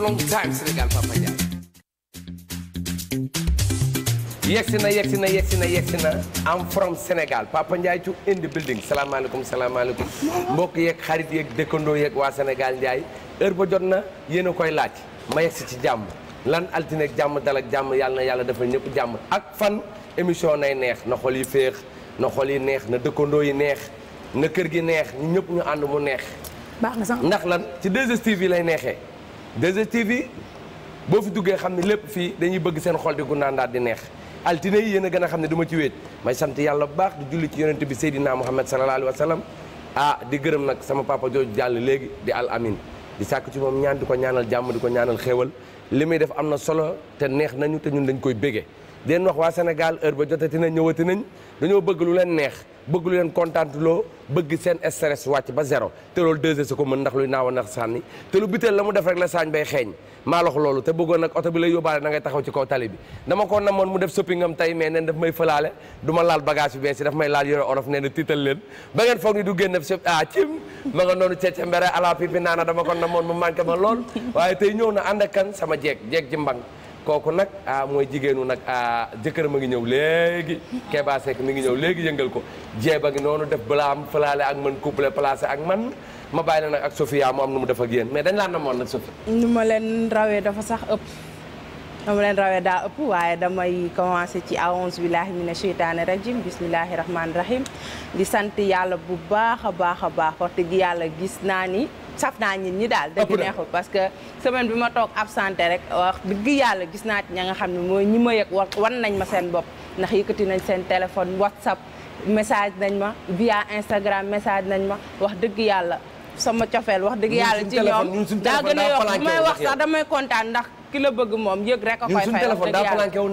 long time Sénégal Papa Ndiaye. yegsi na yegsi na yegsi na yegsi na am from Sénégal Papa Ndiaye ci in the building salaamaaleykum salaamaaleykum mbokk yeeg xarit yeeg dëkkandoo yeeg waa Sénégal njaay heure ba jot na yéen a koy laaj ma yegsi ci jàmm lan altine ak jàmm dal ak jàmm yàlla na yàlla defal ñëpp jàmm ak fan émission nay neex na xol yi féex na xol yi neex na dëkkandoo yi neex na kër gi neex ñu ñëpp ñu ànd mu neex. baax sax ndax lan ci 2 yi lay neexee. 2STV boo fi duggee xam ne lépp fii dañuy bëgg seen xol di gundaandaat di neex altine yi yéen a gën a xam ne duma ci weet may sant yàlla bu baax di julli ci yonent bi Seydina Muhammad sallallahu alayhi wa ah di gërëm nag sama papa jooju jàll léegi di al amin di sàkk ci moom ñaan di ko ñaanal jàmm di ko ñaanal xéewal li muy def am na solo te neex nañu te ñun dañ koy bége den wax waa Sénégal heure ba jotati nañ ñëwati nañ dañoo bëgg lu leen neex bëgg lu leen kontaan loo bëgg seen stress wàcc ba zéro te loolu deux heures su ko mën ndax luy naaw a nax sànni te lu biteel la mu def rek la saañ bay xeeñ maa lox loolu te bëggoon nag oto bi lay yóbbaale da ngay taxaw ci kaw tali bi dama ko namoon mu def shoppingam tey mais neen daf may fëlaale du ma laal bagage bi bees yi daf may laal yore olof nee na tiital leen ba ngeen foog ni du génn def ah cim ma nga noonu cecce mbere ala pipi naana dama ko namoon ma lool waaye tey ñëw na ànd ak kan sama jeeg jeeg ji mbang kooku nag ah mooy jigéenu nag ah ma a ngi ñëw léegi Keba Seck mi ngi ñëw léegi yëngal ko jeeba ngi noonu def balaam falaale ak man couple placé ak man ma bàyyi la nag ak Sofia mu am nu mu def ak yéen mais dañ laa namoon nag Sofia nu ma leen rawee dafa sax ëpp nu ma leen rawee daa ëpp waaye damay commencé ci aouzu billahi mina sheytaani rajim bismillahi rahmaani rahim di sant yàlla bu baax a baax a baax wax yàlla gis naa ni saf naa ñit ñi daal dëgg neexul parce que semaine bi ma toog absenté rek wax dëgg yàlla gis naa ci ña nga xam ne mooy ñi ma yëg wan nañ ma seen bopp ndax yëkkati nañ seen téléphone whatsapp message nañ ma via Instagram message nañ ma wax dëgg yàlla sama cofeel wax dëgg yàlla ci ñoom daa gën a yokk bu may wax sax damay kontaan ndax ki la bëgg moom yëg rek a koy fay téléphone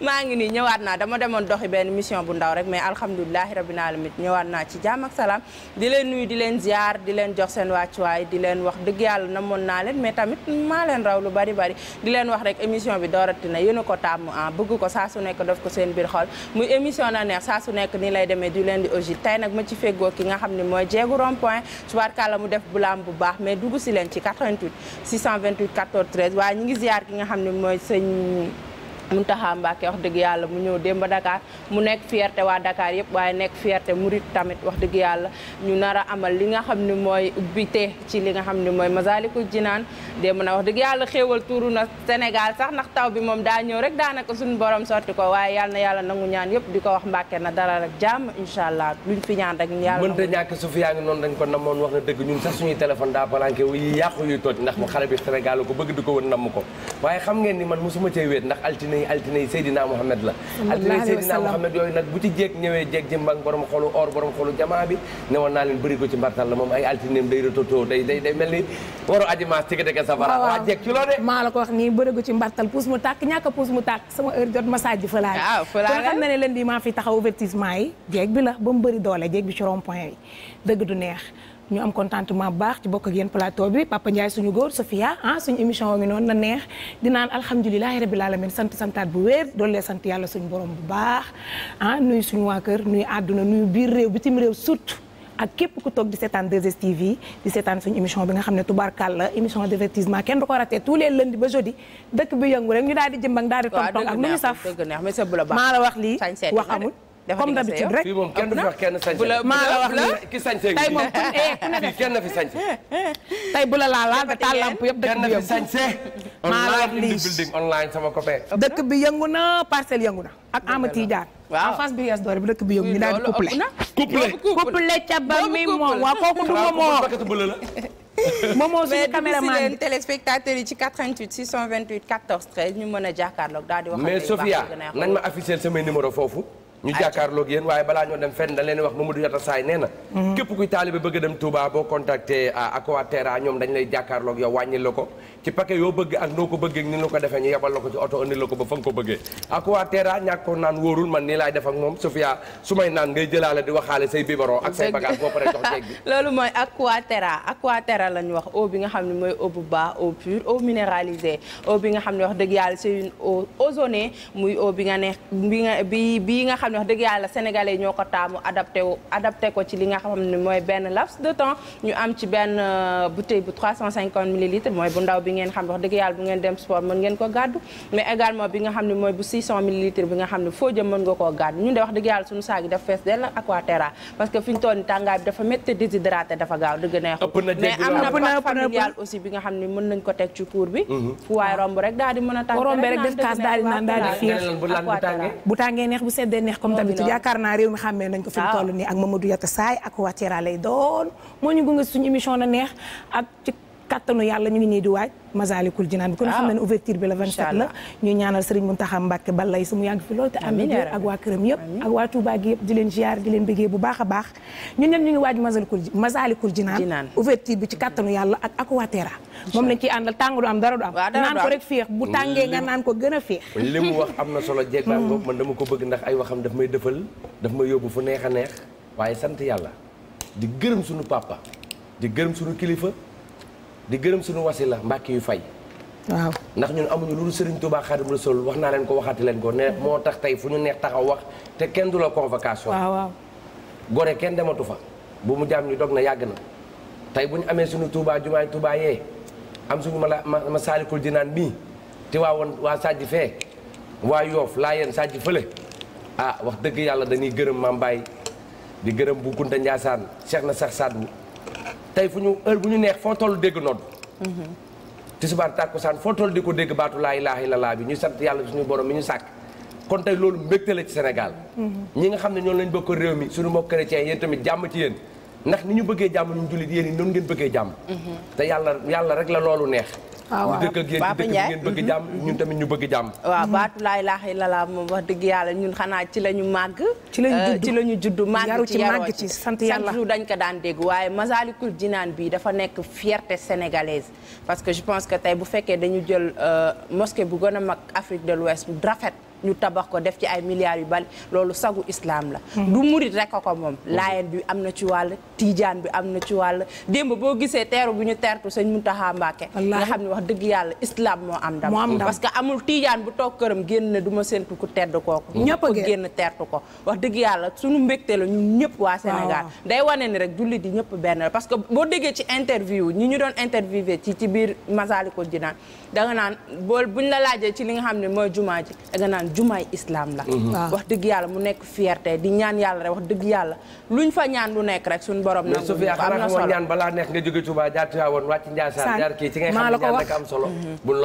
maa ngi nii ñëwaat naa dama demoon doxi benn mission bu ndaw rek mais alhamdulilahi rabbil alamin ñëwaat naa ci jàmm ak salaam di leen nuyu di leen ziar di leen jox seen wàccuwaay di leen wax dëgg yàlla namoon naa leen mais tamit maa leen raw lu bari bari di leen wax rek émission bi doorati na yéen a ko tàmm ah bëgg ko saa su nekk def ko seen biir xol muy émission na neex saa su nekk nii lay demee du leen di 20 tubaarkàlla mu def bulaam bu baax mais dugg si leen ci 88 628 14 13 waaye ñu ngi ziar ki nga xam ne mooy sëñ Mountakha Mbacké wax dëgg yàlla mu ñëw démb Dakar mu nekk fierté waa Dakar yëpp waaye nekk fierté murit tamit wax dëgg yàlla ñu nar a amal li nga xam ne mooy ubbite ci li nga xam ni mooy Masaalikul Jinaan démb na wax dëgg yàlla xéewal tuuru na Sénégal sax ndax taw bi moom daa ñëw rek daanaka suñu borom sotti ko waaye yàlla na yàlla nangu ñaan yëpp di ko wax Mbacké na dara rek jàmm incha allah luñ ñaan rek yàlla mënta ñàkk su fi yaa ngi noonu dañ ko namoon wax na dëgg ñun sax suñuy téléphone daa balanké wu yi yàqu yuy toj ndax xale bi Sénégal ko bëgg di ko wër ko waaye xam ngeen ni man mosuma cee wéet ndax altine yi altine yi Seydina Mohamed la altine yi Seydina Mohamed yooyu nag bu ci jeeg ñëwee jeeg ji mbag borom xolu or borom xolu jamaa bi ne naa leen bëri ci mbartal la moom ay altineem day retoto day day day mel ni waru ajimaas tigadeke safara waa jeeg ci loo maa la ko wax nii bëri ci mbartal puus mu tàkk ñàkk a puus mu tàkk sama heure jot massage ji fëlaal ah, kon leen di maa fi taxaw avertissement yi jeeg bi la ba mu bëri doole jeeg bi ci rond point yi dëgg du neex ñu am contentement baax ci bokk ak yéen plateau bi Papa Ndiaye suñu góor Sofia ah suñu émission wa ngi noonu na neex di naan alhamdulilahi rabbil alamin sant santaat bu wéer doollee sant yàlla suñu borom bu baax ah nuyu suñu waa kër nuyu àdduna nuyu biir réew bitim réew surtout ak képp ku toog di seetaan 2STV di seetaan suñu émission bi nga xam ne tubaarkàl la émission divertissement kenn du ko raté tous les lundi ba jeudi dëkk bi yëngu rek ñu daal comme d'habitude rek. fii moom kenn du fi wax kenn sañse la maa la wax la ki sañse tey moom ku ne kenn fi taal lamp yëpp dëkk bi yëngu kenn fi sañse. maa la wax lii building online sama na parcelle yëngu na. ak Amady Diar. waaw en face bi doore bi dëkk bi yëngu ñu daal di couplé. ca ba mi moom waa kooku du moom moo. moom moo suñu téléspectateur yi ci 88 628 14 13 ñu mën a jàkkaarloog daal mais Sophia nañ ma afficher samay numéro foofu. ñu jàkkaarloog yéen waaye balaa ñoo dem fenn da leen wax Mamadou Yata Saay nee na mhm. képp kuy taalibe bëgg a dem Touba boo a ah, Aquaterra ñoom dañ lay jàkkaarloog yow wàññil ko ci paquet yoo bëgg ak noo ko bëggee ni la ko defee ñu yebal la ko ci oto indi la ko ba fa ko bëggee Aquaterra ñàkk ko naan wóorul man nii laay def ak moom Sofia su may naan ngay jëlaale di waxaale say biberon ak say bagage boo paree jox bi loolu mooy Aquaterra Aquaterra la ñu wax eau bi nga xam ne mooy eau bu baax eau pure eau bi nga xam ne wax dëgg yàlla c'est une eau ozonée muy bi nga neex bi nga bi bi nga xam ne wax dëgg yàlla sénégalais ñoo ko taamu adapté wu adapté ko ci li nga xam ne mooy benn laps de temps ñu am ci benn euh, bouteille bu 350 millilitres mooy bu ndaw bi ngeen xam wax dëgg yàlla bu ngeen dem sport mën ngeen ko gàddu mais également bi nga xam ne mooy bu 600 millilitres bi nga xam ne foo jëm nga koo gàddu parce que fi nga xam ne mën nañ ko teg ci bi mhm. fu waay romb rek daal di mën a tàng bu tàngee neex bu seddee neex comme tamit yaakaar naa réew mi xàmmee nañ ko fi ñu toll nii ak Mamadou Yatassaye ak aquaterra lay doon moo ñu gunge suñu émission na neex kattanu yàlla ñu ngi nii di waaj Masaalikul Jinaan bi kon xam ah. na ne ouverture bi la 27 la ñu ñaanal Serigne Mountakha Mbacké Balay su mu yàgg fi loolu te am ak waa këram yëpp ak waa Touba gi yëpp di leen ziar di leen bëggee bu baax a baax ñun ñëpp ñu ngi waaj Masaalikul Masaalikul Jinaan ouverture bi ci kattanu yàlla ak Aquaterra moom lañ ciy àndal tàng du am dara du am naan ko rek féex bu tàngee nga mm. naan ko gën a féex li mu wax am na solo jeeg baa ngoog mm. man dama ko bëgg ndax ay wa daf may dëfal daf may yóbbu fu neex a neex waaye sant yàlla di gërëm suñu papa di gërëm suñu kilifa di gërëm suñu la mbàkki yu fay waaw ndax ñun amuñu lu Serigne bu la Rasuul wax naa leen ko waxati leen ko ne moo tax tey fu ñu neex taxaw wax te kenn du la convocation waaw waaw gore kenn dematu fa bu mu jaam ñu dog na yàgg na tey bu ñu amee suñu tuubaa jumaay Touba yee am suñu mala ma saalikul dinaan mii te waa woon waa Sadji fee waa Yoof laa yen Sadji fële ah wax dëgg yàlla dañuy gërëm Mambaay di gërëm bu Kunta Njaasaan Cheikh na saat Sadou tey fu ñu heure bu ñu neex foo toll dégg nodd tisbaar tàkkusaan foo toll di ko dégg baatu laa ilaaha illallaah bi ñu sant yàlla suñu borom mi ñu sàkk kon tey loolu mbégte la ci Sénégal ñi nga xam ne ñoom lañ bokk réew mi suñu mbokk chrétiens yéen tamit jàmm ci yéen ndax ni ñu bëggee jàmm ñu jullit yéen yi noonu ngeen bëggee jàmm mm-hmm. te yàlla yàlla rek la loolu neex Ah, waaw dëkk ak yéen dëkk ngeen bëgg jàmm mhm. ñun tamit ñu bëgg jàmm waaw baatu laa ilaaha illallaah moom wax dëgg yàlla ñun xanaa ci la ñu màgg ci la ñu judd màgg ci yaroo ci sant yàlla jour dañ ko daan dégg waaye Masaalikul Jinaan bi dafa nekk fierté sénégalaise parce que je pense que tey bu fekkee dañu jël euh, mosquée bu gën a mag Afrique de l'Ouest bu rafet ñu tabax ko def ci ay milliards yu bari loolu sagu islaam la. Hmm. du murit rek ko moom. laayeen bi am na ci wàll tiijaan bi am na ci wàll démb boo gisee teeru bu ñu teertu sëñ Muntaxa Mbàkke nga xam ne wax dëgg yàlla islam moo am ndam. parce que amul tiijaan bu toog këram génn na du ma séntu ku tedd kooku. ñëpp a génn teertu ko wax dëgg yàlla sunu mbégte la ñun ñëpp waa Sénégal. day wane ni rek jullit yi ñëpp benn la parce que boo déggee ci interview ñi ñu doon interviewé ci ci biir Masaalikul Jinaan danga naan bool buñ la laajee ci li nga xam ne mooy jumaa ji danga jumaay islam la mhm. wax dëgg yàlla mu nekk fierté di ñaan yàlla rek wax dëgg yàlla luñ fa ñaan lu nekk rek suñu borom nag am na solo ñaan balaa nekk nga jóge Touba jaar Tivaouane wàcc Ndiassane jaar kii ci ngay xam ne ñaan rek am solo mhm. buñ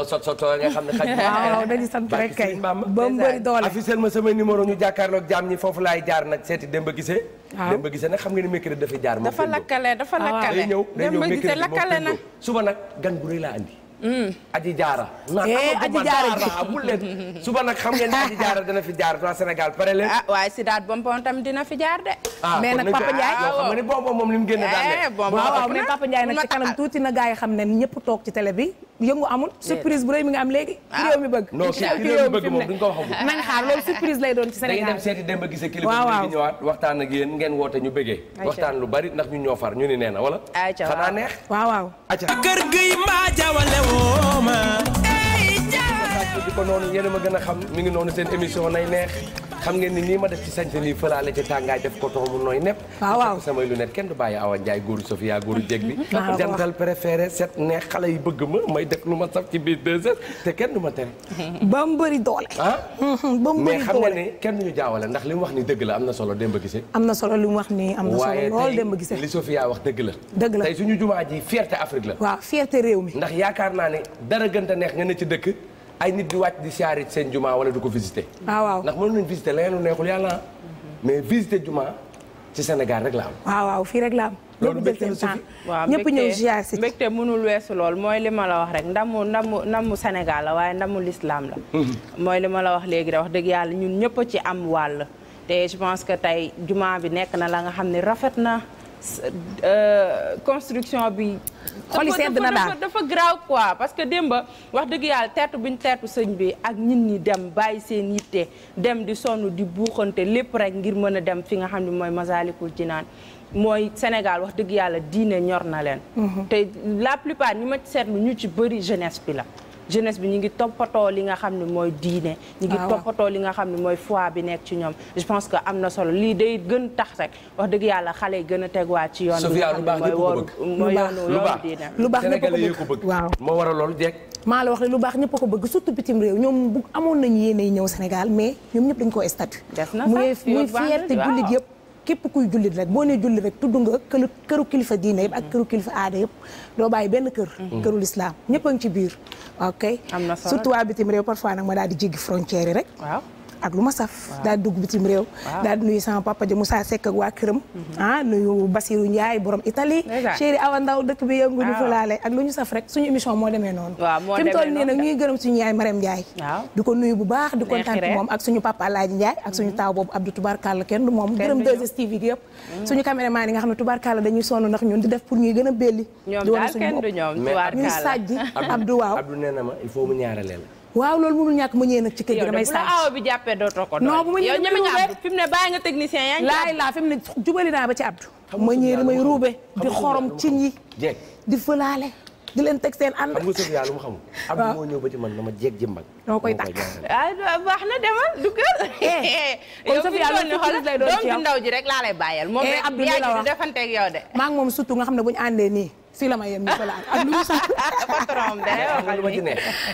xam ne xaj waaw dañuy sant rek kay ba ma sama numéro ñu jàkkaarloog jaam ñi foofu laay jaar nag seeti Demba Gisee Demba Gisee nag xam nga ni mercredi dafay jaar dafa lakkale dafa ah, lakkale Demba Gisee lakkale na suba nag gan bu rëy laa andi aji jaara aji jaara bu leen suba nag xam ngeen ni aji jaara dina fi jaar waa Sénégal pare leen ah waaye Sidaat Bompon tam dina fi jaar de ah, mais nag Papa Ndiaye yow xam nga ni Bompon moom li mu génne daal eh, waaw mais Papa Ndiaye nag ci kanam ah. tuuti na gars yi xam ne ñëpp toog ci télé bi yëngu amul surprise bu rëy mi nga am léegi ah. ki réew mi bëgg non ki réew mi bëgg moom duñ ko wax nañ xaar loolu surprise lay doon ci Sénégal da ngeen dem seeti dem ba gisee clip bi ñëwaat waxtaan ak yéen ngeen woote ñu bëggee waxtaan lu bari ndax ñu ñoo far ñu ni nee na wala xanaa neex waaw waaw ko noonu yéen a ma gën a xam mi ngi noonu seen émission nay neex xam ngeen ni nii ma def ci sañse yi fëlaale ci tàngaay def ko toxu mu nooy nepp waaw waaw samay lunette kenn du bàyyi Awa Ndiaye góoru Sofia góoru jeg bi jantal préféré set neex xale yi bëgg ma may dëkk lu ma saf ci biir deux heures te kenn du ma tere ba mu bëri doole ah ba mu bëri doole xam nga ne kenn ñu jaawala ndax li wax ni dëgg la am na solo démb gisee am na solo li mu wax ni am na solo lool démb gisee li Sofia wax dëgg la dëgg la tey suñu jumaa ji fierté Afrique la waaw fierté réew mi ndax yaakaar naa ne dara gën neex nga ne ci dëkk ay nit di wàcc di siyaare seen juma wala du ko visiter. ah waaw ndax mën nañu visiter leneen mais visiter juma ci Sénégal la am. Ah, fii rek la loolu mbégte waaw ñëpp ñëw ziar si mbégte mënul weesu lool mooy li ma la wax rek ndamu ndamu ndamu Sénégal la waaye ndamu lislaam la. Mhm. mooy li ma la wax léegi da wax dëgg yàlla ñun ñëpp ci am wàll. te je pense que tey juma bi nekk na la nga xam ne rafet na Euh, construction bi. xoli sedd na daal dafa graaw quoi parce que démba wax dëgg yàlla teertu buñ teertu sëñ bi ak ñin ñi dem bàyyi seen yitte dem di sonn di buuxante lépp rek ngir mën a dem fi nga xam ne mooy Masaalikul Jinaan mooy Sénégal wax dëgg yàlla diine ñor na leen. Mhm. te la plupart ñi ma seetlu ñu ci bëri jeunesse bi la. jeunesse bi ñu ngi toppatoo li nga xam ne mooy diine ñu ngi ah, toppatoo li nga xam ne mooy foi bi nekk ci ñoom je pense que am na solo lii day gën tax rek wax dëgg yàlla xale yi gën a tegwaat ci yoon bi mooy yoonu yoonu diine lu baax ñëpp moo war a loolu jeeg maa la wax ne lu baax ñëpp ko bëgg surtout bitim réew ñoom bu amoon nañu yéene ñëw Sénégal mais ñoom ñëpp dañ koo statut muy fierté jullit yëpp képp kuy jullit rek boo nee julli rek tudd nga këru këru kilifa diine yëpp ak mm. këru kilifa aada yëpp doo bàyyi benn kër mm. mm. këru lislaam ñëpp ngi ci biir ok surtout waa bitim réew parfois nag ma daal di jéggi frontière yi rek waaw ak lu ma saf daa dugg bitim réew daal nuyu sama papa ji Moussa Seck ak waa këram mhm. ah nuyu Basirou Ndiaye borom Italie chéri Awa Ndaw dëkk bi yëngu ñu fa laale ak lu ñu saf rek suñu émission moo demee noonu fi mu toll nii gërëm suñu yaay Marème Ndiaye ko nuyu bu baax di kontaan moom ak suñu papa Alaaji Ndiaye ak suñu mhm. taaw boobu Abdou Toubarkalla kenn du moom gërëm 2STV gi yëpp mhm. suñu caméraman yi nga xam ne Toubarkalla dañuy sonn ndax ñun di def pour ñuy gën a belli ñuy sàjji Abdou waaw Abdou nee na ma il waaw loolu mënul ñàkk ma ñëwee nag ci kër gi damay sànq yow de bu la aw bi jàppee dootoo ko doon non bu ma ñëwee yow ñeme nga am fi mu ne bàyyi nga technicien yaa ngi laay laa fi mu ne jubali naa ba ci Abdou ma ñëwee damay ruube di xorom cin di fëlaale di leen teg seen ànd. xam nga Sofia lu mu xamul. waaw Abdou moo ñëw ba ci man dama jéeg jëmbal. dama koy tàkk ah baax na demal duggal. Eh, kon Sofia lu ci ji rek laa lay bàyyal. moom eh, rek yaa ngi defanteeg yow maa moom surtout nga xam ne bu ñu àndee nii si la ma yem ñu ko laal ak lu ñu ma ci ne.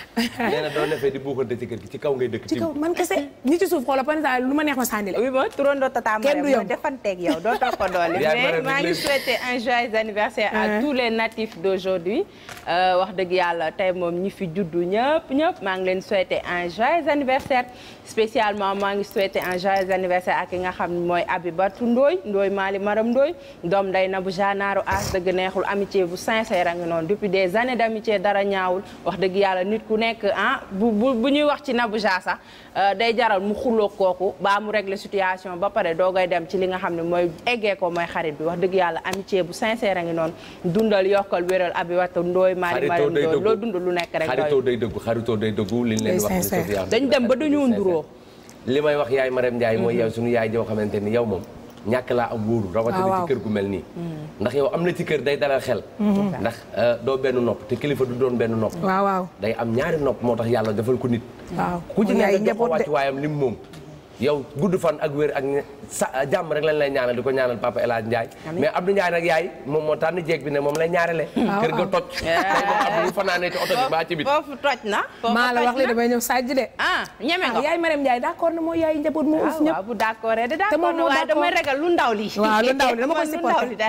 nee na doon na fee di buuxante ci kër gi ci kaw ngay dëkk. ci kaw man kese ñi ci suuf xoolal par exemple lu ma neex ma sànni la. oui bon turandoo tata Marème ma defanteeg yow doo ko doole. mais maa ngi souhaiter un joyeux anniversaire à tous les natifs d'aujourd'hui euh, wax dëgg yàlla tey moom ñi fi juddu ñëpp ñëpp maa ngi leen souhaiter un joyeux anniversaire. spécialement maa ngi souhaité un joyeux anniversaire ak ki nga xam ne mooy Abibatu Ndooy Ndooy Maali Maram Ndooy doom day na bu janaaru as dëgg neexul amitié bu sincère a noonu depuis des années d' amitié dara ñaawul wax dëgg yàlla nit ku nekk ah bu bu ñuy wax ci Nabouja sax Euh, day jaral mu xuloo kooku baa mu régler situation ba pare doogay dem ci li nga xam ne mooy eggee ko mooy xarit bi wax dëgg yàlla amitié bu sincère a ngi noonu dundal yokkal wéral abi waxta ndooy maari mari ndooy loo dund lu nekk rek xaritoo day dëggu xaritoo day dëggu liñ leen wax dañ dem ba dañoo nduroo li may wax yaay Marème Ndiaye mooy mm-hmm. yow suñu yaay joo xamante ni yow moom ñàkk laa am wóoru rawatina ah, ci kër gu mel nii mm. ndax yow am na ci kër day dalal xel mm-hmm. ndax euh, doo benn nopp te kilifa du doon benn nopp waaw day am ñaari nopp moo tax yàlla defal ko nit ku ci nekk jox ko wàccuwaayam li mu moom yow gudd fan ak wér ak sa ah, jàmm rek lañ lay ñaanal di ko ñaanal papa El Hadj Ndiaye. mais Abdou Ndiaye nag yaay moom moo tànn jéeg bi ne moom lay ñaarele. Ah, kër ga toj. tey moom bi ba ci toj na maa la wax li damay ñëw Sadji de. ah ñeme nga ah, yaay Marème Ndiaye d' accord na mooy yaay njaboot moo uuf ñëpp. bu d' accord eh, de d' accord na waaye damay ragal lu ndaw li. waaw lu ndaw li dama koy supporté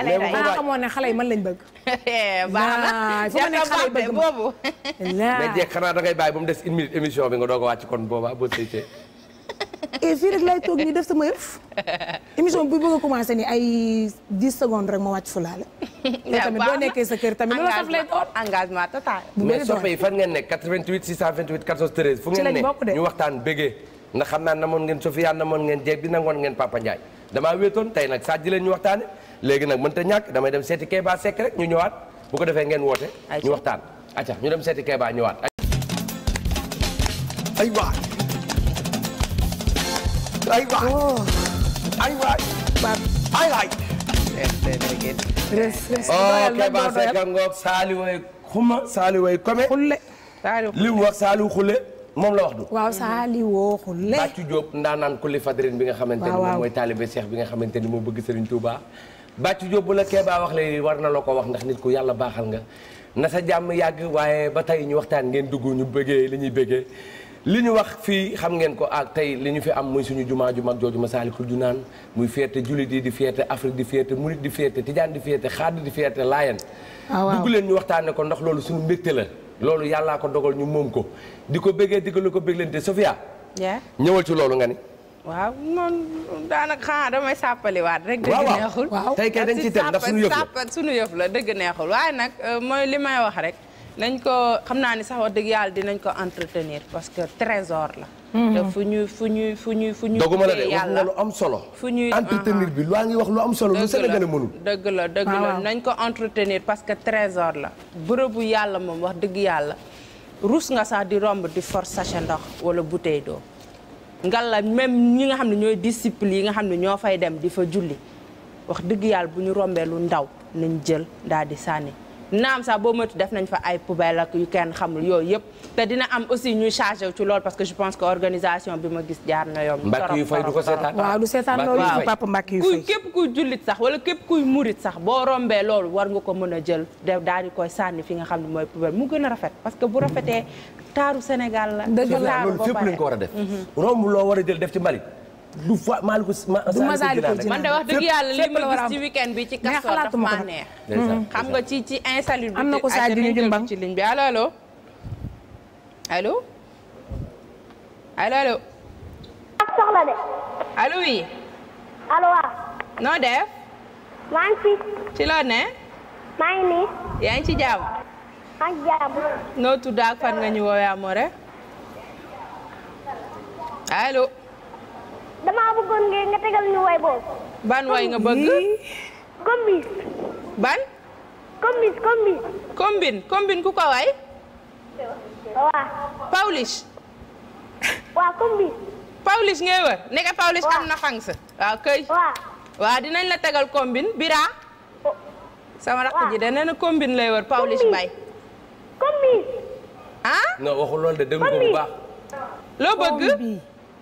ne xale yi man lañ bëgg. Eh, baax na fu ma ne xale yi bëgg boobu. mais jeeg des une minute bi nga doog a wàcc kon booba boo sëytee et fii rek laay toog nii def sama yëf émission bi bëgg a commencé ni ay 10 secondes rek ma wàcc fulaale. yow tamit boo nekkee sa kër tamit. engagement lay doon engagement total. bu mais soppe yi fan ngeen nekk 88 628 14 13. fu ngeen ne ñu waxtaan bëggee. ndax xam naa namoon ngeen Sofia namoon ngeen jeeg bi nangoon ngeen Papa Ndiaye damaa wéetoon tey nag Sadji leen ñu waxtaane léegi nag mënta ñàkk damay dem seeti Keba Seck rek ñu ñëwaat bu ko defee ngeen woote. ñu waxtaan acca ñu dem seeti Keba ñëwaat. aywa. aywa aywa aywaay. res res li mu wax Saliou Khoule moom la wax du. waaw Saliou Khoule. Bathie Diop ndaanaan kulli fadrin bi nga xamante ni moom mooy taalibe Cheikh bi nga xamante ni moo bëgg Serigne Touba. Bathie Diop bu la Kéba wax léegi war na la ko wax ndax nit ku yàlla baaxal nga na sa jàmm yàgg waaye ba tey ñu waxtaan ngeen dugg ñu bëggee li bëggee. li ñu wax fii xam ngeen ko ak tey li ñu fi am muy suñu jumaa ju mag jooju Masaalikul Jinaan muy féete jullit yi di féete Afrique di féete murit di féete tijaan di féete xaadir di féete laayen ah, dugg leen ñu waxtaane ko ndax loolu suñu mbégte la loolu yàllaa ko dogal ñu moom ko di ko bëggee di ko bëgglante Sofia ñëwal ci loolu nga ni waaw noonu daanaka xanaa damay sàppaliwaat rek. dëgg neexul waaw tey kay dañ ci teg ndax suñu yëf la dëgg neex waaye nag euh, mooy li may wax rek. nañ ko xam naa ni sax wax dëgg yàlla dinañ ko entretenir parce que trésor la. Mhm. te fu ñuy fu ñuy fu ñuy fu ñuy. doguma la de wax nga lu am solo. fu ñuy entretenir bi loo ngi wax lu am solo. lu Sénégal mënul dëgg la dëgg la nañ ko entretenir parce que trésor la. bërëbu yàlla moom wax dëgg yàlla rus nga sax di romb di force sachet ndox wala bouteille d'eau. ngalla même ñi nga xam ne ñooy disciples yi nga xam ne ñoo fay dem di fa julli wax dëgg yàlla bu ñu rombee lu ndaw nañ jël daal di sànni. naam sax boo moytu def nañ fa ay poubelle ak yu kenn xamul yooyu yëpp te dina am aussi ñuy chargé ci lool parce que je pense que organisation bi ma gis jaar na yoon. mbàkk yu fay du ko képp kuy jullit sax wala képp kuy murit sax boo rombee loolu war nga ko mën a jël daal di koy sànni fi nga xam ne mooy poubelle mu gën a rafet parce que bu rafetee taaru Sénégal la. dëgg la loolu fépp ko war a def. Mhm. romb loo war a jël def ci mbalit lu fa maal ko man de wax dëgg yàlla li ma ci weekend bi ci kaso dafa ma neex. Hmm. nga ci ci insalubrité. am na ko saa dina jëmbang ci ligne bi allo allo. allo allo allo. soxla de. allo oui. def. maa ci. ci ne. maa ngi nii. yaa ngi ci jàmm. maa ngi fan nga ñu woowee Amore. allo. damaa bëggoon ngeen nga tegal ñu way boobu. ban way nga bëgg. combis. ban. combis combis. combine combine ku ko way. waaw. Paulish. waaw combis. Paulish ngay wër nekk Paulish am na xang sa. waaw kay. waaw. dinañ la tegal combine bira. sama rakk ji dana ne combine lay wër Paulish Mbaye. combis. ah. loo bëgg.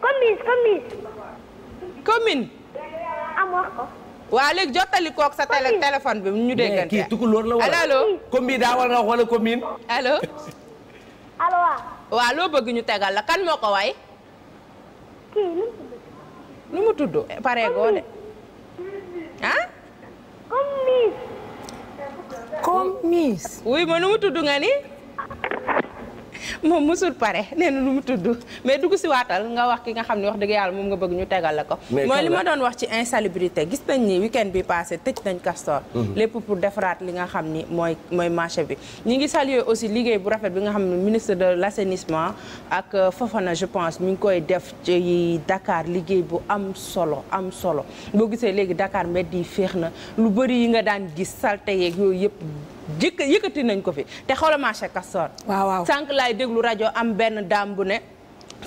combis combis. commune. am ah, wax ko. waa léegi kook sa télé téléphone bi ñu déggante. kii tukulóor la wala allo. daa war a wax wala commune. allo. allo loo bëgg ñu tegal la kan moo way. kii mu tudd. nu mu tudd de. ah. comme miis. wuy ma nu mu tudd nga ni. moom musul pare nee lu mu tudd mais dugg si waatal nga wax ki nga xam ne wax dëgg yàlla moom nga bëgg ñu tegal la ko mooy li ma doon wax ci insalubrité gis nañ ni week bi passé tëj nañ Castor mhm. lépp pour defaraat li nga xam ni mooy mooy marché bi ñi ngi saluer aussi liggéey bu rafet bi nga xam ne ministre de l'assainissement ak euh, Fofana je pense mu ngi koy def ci dakaar liggéey bu am solo am solo boo gisee léegi Dakar mbedd yi féex na lu bëri yi nga daan gis salte yeeg yooyu yëpp jëkk yëkkati nañ ko fi te xoola marché Castor waaw waaw sànq laay déglu rajo am benn daam bu ne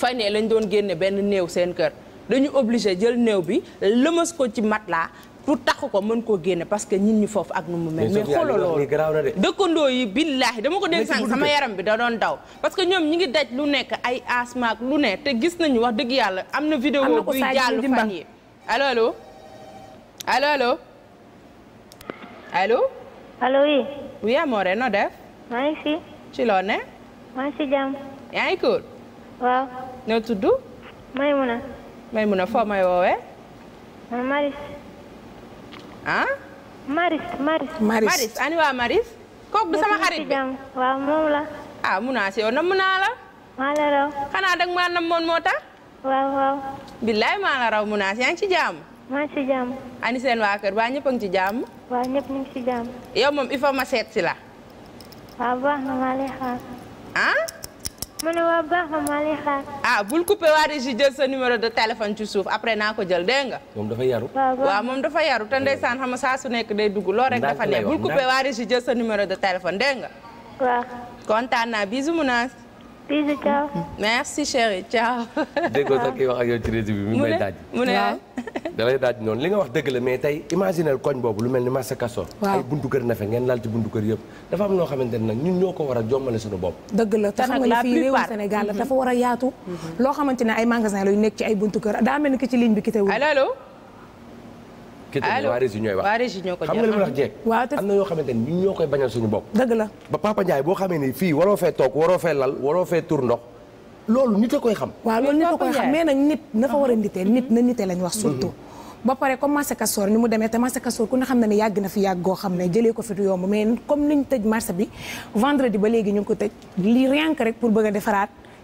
fay ne lañ doon génne benn néew seen kër dañu obligé jël néew bi lëmas ko ci mat matelas pour taxu ko mën koo génne parce que ñin ñi foofu ak nu mu mel mais xoolal loolu dëkkandoo yi billaahi dama ko dégg sanq sama yaram bi da doon daw parce que ñoom ñi ngi daj lu nekk ay asma ak lu ne te gis nañu wax dëgg yàlla am na vidéo buy jàll fan yi allo allo allo allo allo allo oui oui Amore noo def. maa ngi fi. ci loo maa ngi si jàmm. yaa ngi cool. waaw. noo tudd. Maymuna. Maymuna foo may woowee. man Maris. ah. Maris Maris. Maris Maris ani waa Maris. kooku du sama xarit bi waaw moom la. ah mun naa si yow la. maa la raw. xanaa dag maa namoon moo tax. waaw waaw. billaay maa la raw mun naa yaa ngi ci jaamu maa ngi ci ani seen waa waa ñëpp a ngi ci jàmm. waa ñëpp ñu moom il faut ma seet si la. waaw baax na maa xaar. ah. ma ne waaw baax na maa ah, jël sa numéro de téléphone ci suuf après naa ko jël dégg nga. moom dafa yaru. waaw moom dafa yaru te ndeysaan xam nga saa su nekk day dugg lool rek dafa ne bul coupé jël sa numéro de téléphone dégg kontaan naa bisu Mounass. bisous ciao. merci chérie ciao. déggoo sax li nga wax dëgg la mais tey imaginel koñ boobu lu mel ni marché Kasso. waaw ay buntu kër na fe ngeen ci buntu kër yëpp. dafa am noo xamante ne nag ñun ñoo ko war a jommale suñu bopp. dëgg la te xam nga fii réewu Sénégal mhm. dafa war a yaatu. Mhm. loo xamante ne ay magasin la yu nekk ci ay buntu kër daa mel ni ki ci ligne bi ki teewul. allo. allo waa Régis ñooy wax xam nga li ma wax jeeg am na yoo xamante ni ñoo koy bañal suñu bopp dëgg la ba Papa Ndiaye boo xamee ni fii waroo fee toog waroo fee lal waroo fee tur ndox loolu nit a koy xam waaw loolu nit a koy xam mais nit na fa war a nitee nit na nite lañ wax surtout mhm. ba pare comme marché Castor ni mu demee te marché Castor ku ne xam na ne yàgg na fi yàgg goo xam ne jëlee ko fi du yomb mais comme niñ tëj marché bi vendredi ba léegi ñu ngi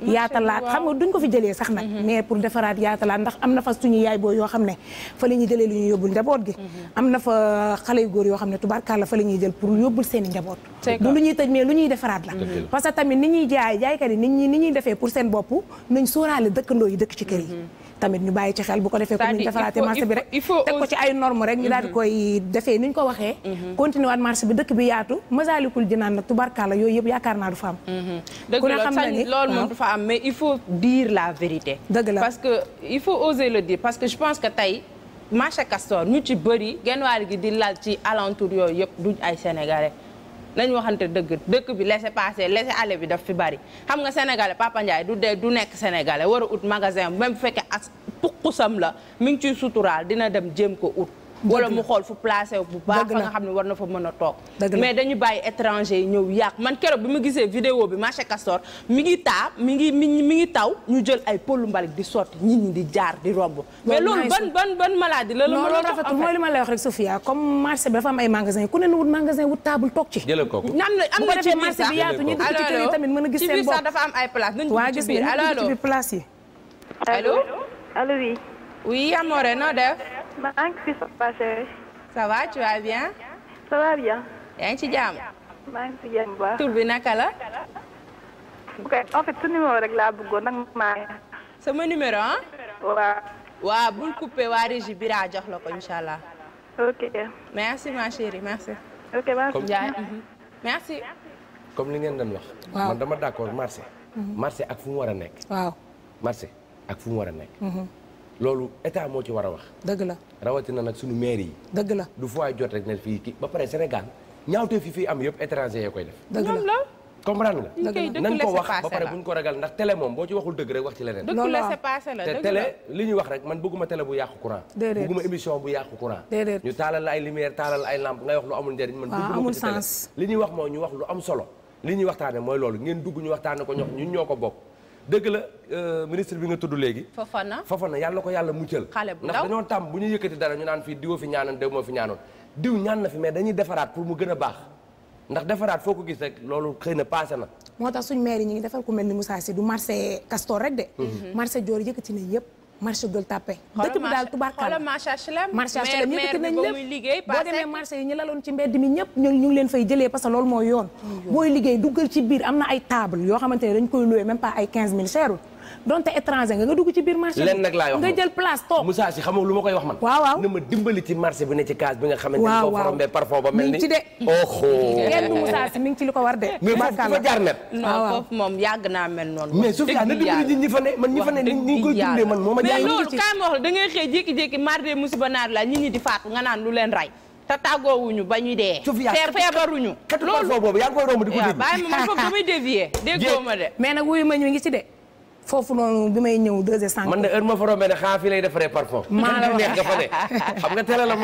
yaatalaat xam nga duñ ko fi jëlee sax nag mhm. mais pour defaraat yaatalaat ndax am na fa suñu yaay boo yoo xam ne fa la ñuy jëlee lu ñuy yóbbul njaboot gi mhm. am na fa xale yu góor yoo xam ne tubaarkàlla fa la ñuy jël pour yóbbul seen i njaboot du lu ñuy tëj mais lu ñuy defaraat la parce que tamit ni ñuy jaay jaaykat yi ni ñuy ni ñuy defee pour seen bopp nañ sóoraale dëkkandoo yi dëkk ci kër yi mhm. tamit ñu bàyyi ci xel bu ko defee comme ni ñu defaraatee marché bi rek teg ko ci ay norme rek ñu daal mm-hmm. koy defee ni ko waxee mm-hmm. continuer waat bi dëkk bi yaatu masaalikul jinaan nag tubarkalla yooyu yëpp yaakaar naa du fa am mm-hmm. ku ne xam na ni loolu moom du fa am mais il faut dire la vérité parce que il faut oser le dire parce que je pense que tey marché Castor ñu ci bëri genn gi di laal ci alentour yooyu yëpp duñ ay sénégalais nañu waxante dëgg dëkk bi laisser passer laisser aller bi daf fi bari xam nga sénégalais Papa Ndiaye du dee du nekk sénégalais war a ut magasin même bu fekkee as puqusam la mi ngi ciy suturaal dina dem jéem ko ut wala mu xool fu placé wu nga xam ne war na fa mën a toog mais dañu bàyyi étranger yi ñëw yàq man keroog bi ma gisee vidéo bi marché Castor mi ngi taa mi ngi mi ngi taw ñu jël ay pëlu mbalik di sotti nit ñi di jaar di romb mais loolu ban ban ban maladie la loolu rafetul mooy li ma lay wax rek Sofia comme marché bi dafa am ay magasin ku ne na wut magasin wut table toog ci jëlal am na am na ci marché bi yaatu ñu dëkk ci kër yi dafa am ay place si eh. ça va tu vas bien. ça ¿ah? va ci jàmm. maa ngi ci la. laa bëggoon nag maa sama numéro ah. waaw. waaw bul coupé waa régie jox la ko allah. merci ma chérie merci. comme li ngeen doon wax. waaw man d'accord marché. Mhm. marché ak fu mu war a nekk. ak fu nekk. Mhm. loolu état moo ci war a wax. dëgg la rawatina nag suñu maire yi. dëgg la du foo ay jot rek ne fii kii ba pare Sénégal ñaawte fi fii am yëpp étranger yee koy def. dëgg la comprendre nga. nan ko wax ba pare buñ ko ragal ndax télé moom boo ci waxul dëgg rek wax ci leneen. loolu la te télé li ñuy wax rek man bëgguma tele bu yàqu courant. déedéet bëgguma émission bu yàqu courant. déedéet ñu taalal ay lumière taalal ay lampe ngay wax lu amul njëriñ. man ñuy wax mooy ñu wax lu am solo. li ñuy waxtaane mooy loolu ngeen dugg ñu waxtaane ko ñox ñun ñoo ko bokk dëgg la euh, ministre bi nga tudd léegi. Fofana Fofana yàlla ko yàlla muccal. xale bu ndaw ndax dañoo tàmm bu ñu yëkkati dara ñu naan fii diwoo fi ñaanoon diw moo fi ñaanoon. diw ñaan na fi mais dañuy defaraat pour mu gën a baax ndax defaraat foo ko gis rek loolu xëy na passé na. moo tax suñ maire yi ñu ngi defar ku mel ni Moussa Sy du marché Castor rek de. Mhm. marché Dior yëkkati na yëpp. marché Gueule Tapée. dëkk bi daal tubaarkalla marché HLM. marché HLM H&M yëkkati nañ lépp boo demee marché yi ñu laloon ci mbedd mi ñëpp ñu ngi leen fay jëlee parce que loolu mooy yoon. booy liggéey duggal ci biir am na ay table yoo xamante ne dañ koy loué même pas ay 15000 cherul. donte étranger nga nga dugg ci biir marché lenn nag laay wax nga jël si xam nga lu ma koy man waaw waaw ma dimbali ci marché bi nga xamante mel ni ci de oho kenn du Moussa si mi ngi ci li ko war de yàgg naa mel noonu mais suuf ah, na dimbali ñi fa ne man ñi fa di faatu nga naan lu leen ray te tàggoowuñu ba ñu dee. Ah, feer feebaruñu. loolu boobu yaa ngi koy romb di ko dégg. waaw ma man foofu damay dévier déggoo ma de. mais nag wuyu ma ñu ngi ci de. foofu noonu bi may ñëw deux heures man de heure ma fa rombee ne xaa fii lay defaree parfum. maa la neex nga fa ne xam nga télé la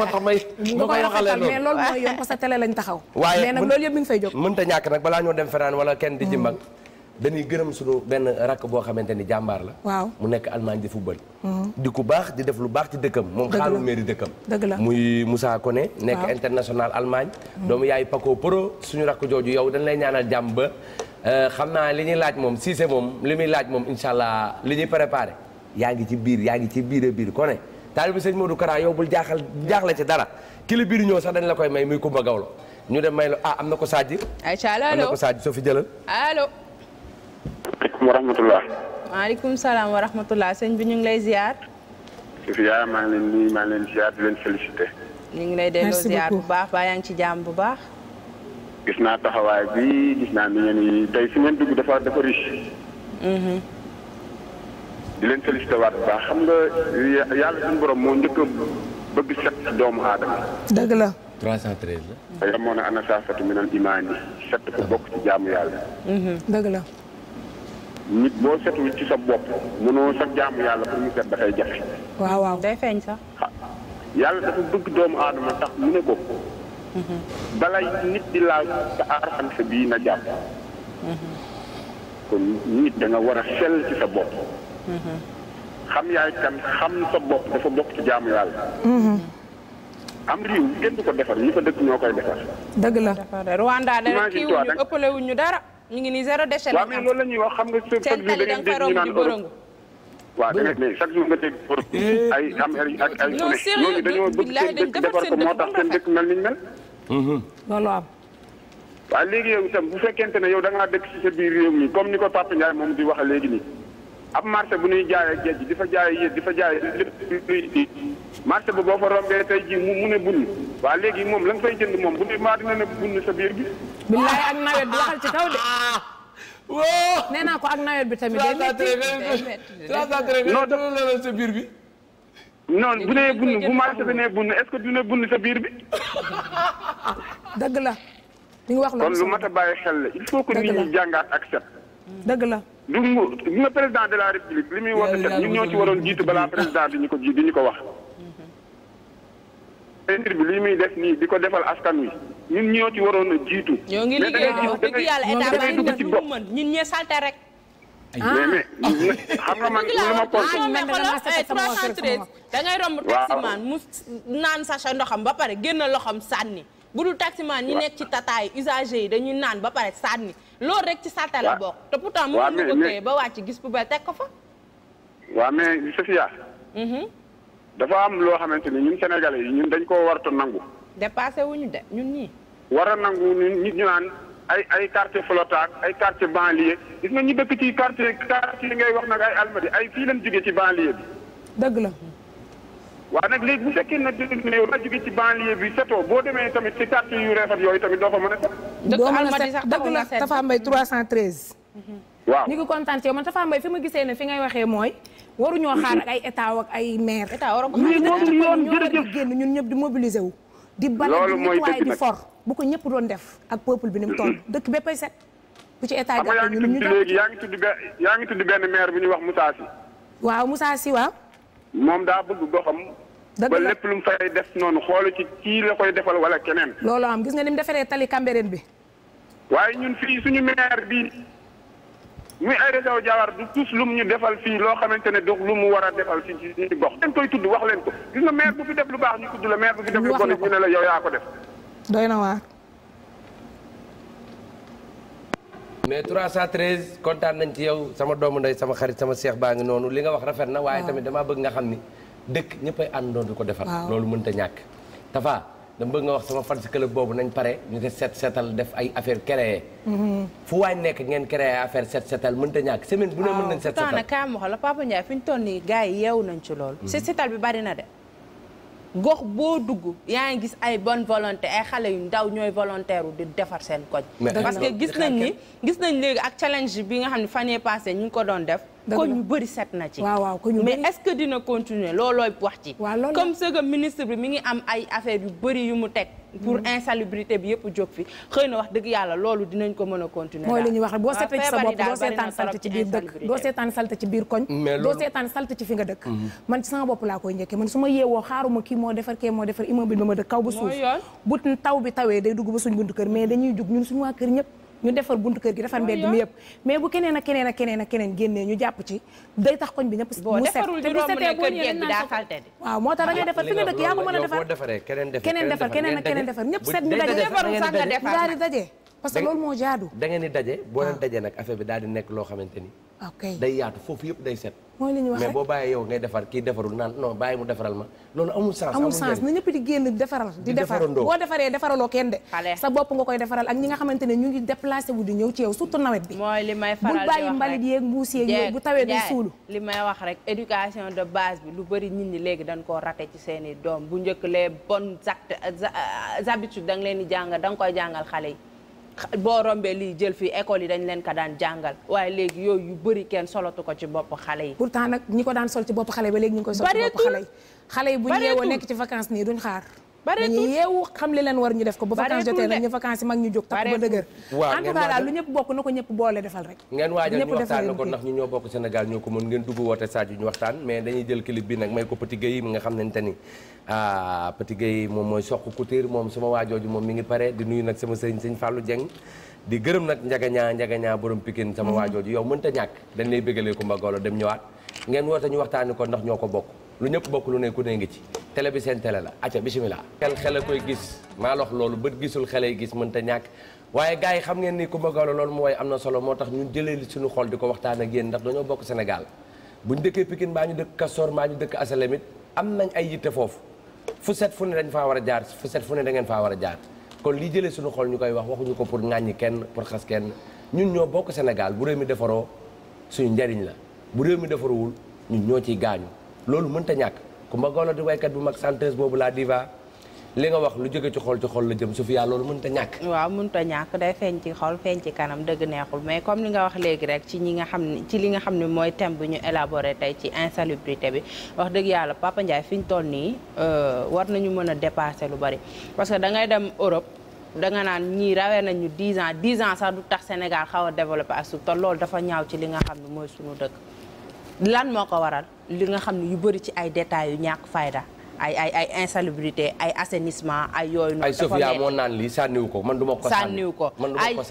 mm. la. waaw mu nekk Allemagne di football. Mm. di ku baax di def lu baax ci dëkkam. moom xaalu mairie dëkkam. dëgg la muy Moussa Koné. nekk international Allemagne. Mm. doomu yaayu Paco Poro suñu rakk jooju yow dañ lay ñaanal jàmm ba xam naa li ñuy laaj moom Cissé moom li muy laaj moom incha allah li ñuy préparé yaa ngi ci biir yaa ngi ci biir a biir kone taalibu sëñ Modou Kara yow bul jaaxal jaaxle ci dara ki la biir ñëw sax dañ la koy may muy Kumba Gawlo ñu dem may la ah am na ko Sadji. ayca allo am na ko Sadji soo fi jëlal. allo. wa rahmatulah. maaleykum salaam wa rahmatulah bi ñu ngi lay ziar. Sofia maa leen nuyu maa leen ziar di leen félicité. ñu ngi lay delloo ziar bu baa yaa ngi ci jàmm bu baax. gis naa taxawaay bi gis naa ni ngeen tey fi ngeen dugg dafa dafa riche. Mhm. di leen félicité waat baax xam nga yàlla suñu borom moo njëkk a bëgg set doomu aadama. dëgg la. 313 la. te moo ne ana saafatu minal imaan set ko bokk ci jaamu yàlla. Mhm. dëgg la. nit boo setul ci sa bopp mënoo sax jaamu yàlla pour mu set dafay jafe. waaw waaw day feeñ sax. yàlla dafa bëgg doomu aadama tax mu ne ko. bala nit di laal sa aaraan sa bii na jàpp kon nit da war a sell ci sa bopp xam yaay kan xam sa bopp dafa bokk ci jaamu yàlla am réew kenn du ko defar ñi fa dëkk ñoo koy defar dëgg la Rwanda da rek kii wuñu ëppale wuñu dara ñu ngi ni zéro déchet waaw mais loolu la ñuy wax xam nga chaque jour da ngeen dégg ñu naan Europe waaw da chaque jour nga dégg Europe eh, ay am ak ay ñooñu dañoo bëgg seen dëkk defar ko moo tax seen dëkk mel niñ mel Mhm. loolu am. waa léegi yow tam bu fekkente ne yow da ngaa dëkk ci sa biir réew mi comme ni ko Papa Ndiaye moom di wax léegi nii ab marché bu ñuy jaayee géej gi di fa jaayee yéen di fa jaayee lépp luy di marché boo fa rombee tey jii mu mu ne bunn waaw léegi moom lañ nga fay jënd moom bu ne maa dina ne bunn sa biir bi. billaay ak nawet bi waxal ci kaw de. nee naa ko ak nawet bi tamit. day métti day métti non sa biir bi. non bu nee bunn bu marché bi nee bunn est-ce que du ne bunn sa biir bi. dëgg la. li nga wax la kon lu mat a bàyyi xel la il faut que nit ñi jàngaat ak set. dëgg la. du nga président de la république li muy wax set ñoo ci waroon jiitu balaa président di ñu ko ji di ñu ko wax. Mhm. peinture bi li muy def nii di ko defal askan wi ñun ñoo ci waroon a jiitu. ñoo ngi liggéey dëgg yàlla état bàyyi na lu mu mën ñun ñee salté rek. Ah. Ah. xam nga man lu ma ah, posé. man da ngay romb taximaan mu naan sachet ndoxam ba pare génn loxam sànni. bu dul taximaan ñi nekk ci tataay usagers yi dañuy naan ba pare sànni. loolu rek ci sàtte la bokk. te pourtant mu ngi ko téye ba wàcc gis poubelle teg ko fa. waaw mais Sofia. Mhm. dafa am loo xamante ni ñun sénégalais yi ñun dañ koo warta nangu. dépassé wuñu de ñun ñii. war a nangu nit ñu naan. ay ay quartier flottant ay quartier banlieue gis nga ñu dëkk ci quartier quartier ngay wax nag ay almadi ay fii lañ jógee ci banlieue bi. dëgg la. waaw nag léegi bu fekkee nag yow la jógee ci banlieue bi setoo boo demee tamit ci quartier yu rafet yooyu tamit doo ko mën a set. doo mën a set dëgg la Tafa Mbaye 313. Mm-hmm. waaw ñu ngi kontaan ci yow man Tafa Mbaye fi ma gisee ne fi ngay waxee mooy. waruñoo xaar ak ay état ak ay maire. état waroon ko xaar ñun ñëpp di mobiliser wu. di bale di nit waaye di for bu ko ñëpp doon def ak peuple bi ni mu toll dëkk béppay set bu ci état bi yaa ngi tudd benn yaa bi ñuy wax Moussa waaw Moussa Sy moom daa bëgg goxam ba lépp lu mu fay def noonu xoolu ci kii la koy defal wala keneen loolu am gis nga ni mu defaree tali Cambérène bi waaye ñun fii suñu maire bi mi Aïda Diaw Diawara du tous mu ñu defal fii loo xamante ne donc lu mu war a defal fii ci suñu gox. dañ koy tudd wax leen ko gis nga maire bu fi def lu baax ñu tudd la maire bu fi def lu bon ñu ne la yow yaa ko def. doy na waar. mais 313 kontaan nañ ci yow sama doomu ndey sama xarit sama seex baa ngi noonu li nga wax rafet na. waaye tamit damaa bëgg nga xam ni dëkk ñëppay àndoon di ko defal. loolu mënta ñàkk Tafa. dama bëgg nga wax sama fan si club boobu nañ pare ñu def set setal def ay affaire créé. Mhm. fu waañ nekk ngeen créé affaire set setal mënta ñàkk semaine bu ne mën nañ set setal waaw kaa ma xoolal Papa Ndiaye fi yi yeewu nañ ci loolu. Mhm. set setal bi bari na de. gox boo dugg yaa ngi gis ay bonne volonté ay xale yu ndaw ñooy volontaire di defar seen koñ parce que gis nañ ni gis nañ léegi ak challenge bi nga xam ne fan yee passé ñu ngi ko doon def kon ñu bëri set na ci. waaw waaw ñu mais est que dina continuer loolooy wax ci. comme ce que ministre bi mi ngi am ay affaire yu bëri yu mu teg. pour mm-hmm. insalubrité bi yëpp jóg fi xëy na wax dëgg yàlla loolu dinañ ko mën a continuer. mooy li ñuy wax boo seetee ci sa bopp doo seetaan salte ci biir dëkk doo seetaan salte ci biir koñ. doo seetaan salte ci fi nga dëkk. Mm-hmm. man ci sama bopp laa koy njëkkee man su ma yeewoo xaaruma kii moo defar kee moo defar immeuble bi ma dëkk kaw ba suuf. bu taw bi tawee day dugg ba suñ buntu kër mais dañuy jug ñun kër ñëpp ñu defar buntu kër gi defar mbedd mi yëpp mais bu keneen ak keneen ak keneen ak keneen génnee ñu jàpp ci day tax koñ bi ñëpp mu set te bu setee boo ñëwee dañ naan waaw moo tax ah, a defar keneen daje daal di daje parce que loolu moo jaadu da ngeen daje boo leen ah. daje nag affaire bi daal di nekk loo xamante ni ah, day yaatu foofu yëpp day set mooy li ñu wax mais boo bàyyee yow ngay defar kii defarul naan non bàyyi mu defaral ma loolu amul sens amul sens na ñëpp di génn defaral di defar boo defaree defaraloo kenn de sa bopp nga koy defaral ak ñi nga xamante ne ñu ngi déplacé wu di ñëw ci yow surtout nawet bi mooy may faral di wax rek bul bàyyi mbalit yeeg mbuus yeeg bu tawee du suulu li may wax rek éducation de base bi lu bëri nit ñi léegi dañ ko raté ci seeni doom bu njëkk les bonnes actes habitudes da danga leen di jàng da nga koy jàngal xale yi boo rombee lii jël fii école yi dañ leen ko daan jàngal waaye léegi yooyu yu bëri kenn solatu ko ci bopp xale yi pour pourtant nag ñi ko daan sol ci bopp xale ba léegi ñu ngi koy sol bopp xale yi xale yi bu ñu yeewoo nekk ci vacance nii duñ xaar nañu yeewu xam li leen war ñu def ko ba vacances jotee nag ñu vacances yi mag ñu jóg takk ba dëgër en tout daal lu ñëpp bokk na ko ñëpp boole defal rek ngeen waajal ñu waxtaan na ko ndax ñu ñoo bokk Sénégal ñoo ko mën ngeen dugg woote Sadio ñu waxtaan mais dañuy jël clip ah, moom mooy soq couture moom sama waajooju moom mi ngi pare di nuyu nag sama sëriñ sëñ Fallou Dieng di gërëm nag njagañaa njagañaa borom Pikine sama mhm. waajooju yow mënta ñàkk dañ lay bégalee ko mbagolo dem ñëwaat ngeen woote ñu waxtaani ko ndax ñoo ko bokk lu ñëpp bokk lu ne ku ne ngi ci télé bi seen télé la acca bisimilah. xel xel a koy gis maa lox loolu bët gisul xel yi gis mënta ñàkk waaye gars yi xam ngeen ni Coumba Gawlo loolu mooy am na solo moo tax ñun jëlee li suñu xol di ko waxtaan ak yéen ndax dañoo bokk Sénégal buñ dëkkee Pikine mbaa ñu dëkk Kastoor mbaa ñu dëkk Asalem it am nañ ay yitte foofu fu set fu ne dañ war a jaar fu set fu ne da ngeen faa a jaar kon li jëlee suñu xol ñu koy wax waxuñu ko pour ŋàññi kenn pour xas kenn ñun ñoo bokk Sénégal bu réew mi defaroo suñu njariñ la bu réew mi defaruwul ñun ñoo ciy gaañu loolu mënta ñàkk Kumba Gawlo di waykat bu mag chanteuse boobu laa diva li nga wax lu jóge ci xool ci xol la jëm Sofia loolu mënta ñàkk. waaw mënta ñàkk day feeñ ci xool feeñ ci kanam dëgg neexul mais comme li nga wax léegi rek ci ñi nga xam ne ci li nga xam ne mooy thème bu ñu élaboré tey ci insalubrité bi wax dëgg yàlla Papa Ndiaye fi ñu toll nii euh, war nañu mën a dépasser lu bari parce que da ngay dem Europe. danga naan ñii rawee nañu 10 ans 10 ans sax du tax Sénégal xaw a développé ak suuf te loolu dafa ñaaw ci li nga xam mooy sunu dëkk. lan moo ko waral li nga xam ne yu bëri ci ay détails yu ñàkk fayda ay ay ay insalubrité ay assainissement ay yooyu. noonu dafa mel ay Sofia moo naan lii sànniw ko man du ko. sànniw ko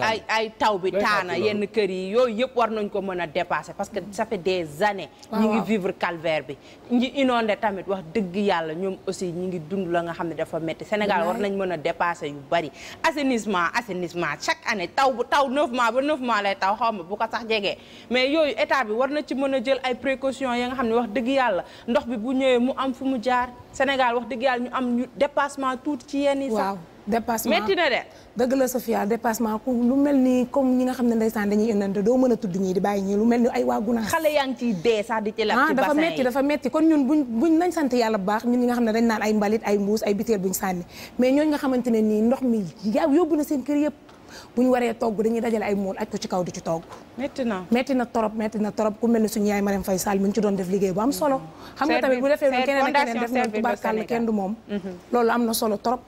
ay ay taw bi taana yenn kër yi yooyu yëpp war nañ ko mën a dépassé parce que ça fait des années. ñi ngi vivre calvaire bi. ñi inondé tamit wax dëgg yàlla ñoom aussi ñi ngi dund la nga xam ne dafa metti Sénégal war nañ mën a dépassé yu bari assainissement assainissement chaque année taw bu taw neuf mois ba neuf mois lay taw xaw ma bu ko sax jegee mais yooyu état bi war na ci mën a jël ay précautions yi nga xam ne wax dëgg yàlla ndox bi bu ñëwee mu am fu mu jaar Sénégal wax dëgg yàlla ñu am ñu dépassement tuuti ci yenn yi sax waaw dépassement métti na de. dëgg la ku lu mel ni comme ñi nga xam ne ndeysaan dañuy indante doo mën a tudd ñii di bàyyi ñii lu mel ni ay waa gunaas xale yaa ngi ciy dee ah, dafa metti kon ñun buñ buñ nañ sant yàlla bu baax ñun ñi nga xam ne dañ naan ay mbalit ay mbuus ay biteel buñ sànni mais ñooñ nga xamante ne nii ndox mi yóbbu na seen kër yëpp bu ñu waree togg dañuy dajale ay mool aj ko ci kaw di ci togg metti na metti na trop metti na trop ku mel ne suñu yaay Marème Faye Sall mi ngi ci doon def liggéey bu am solo xam nga tamit bu defee noonu keneen ak keneen kenn moom mhm. loolu am na solo trop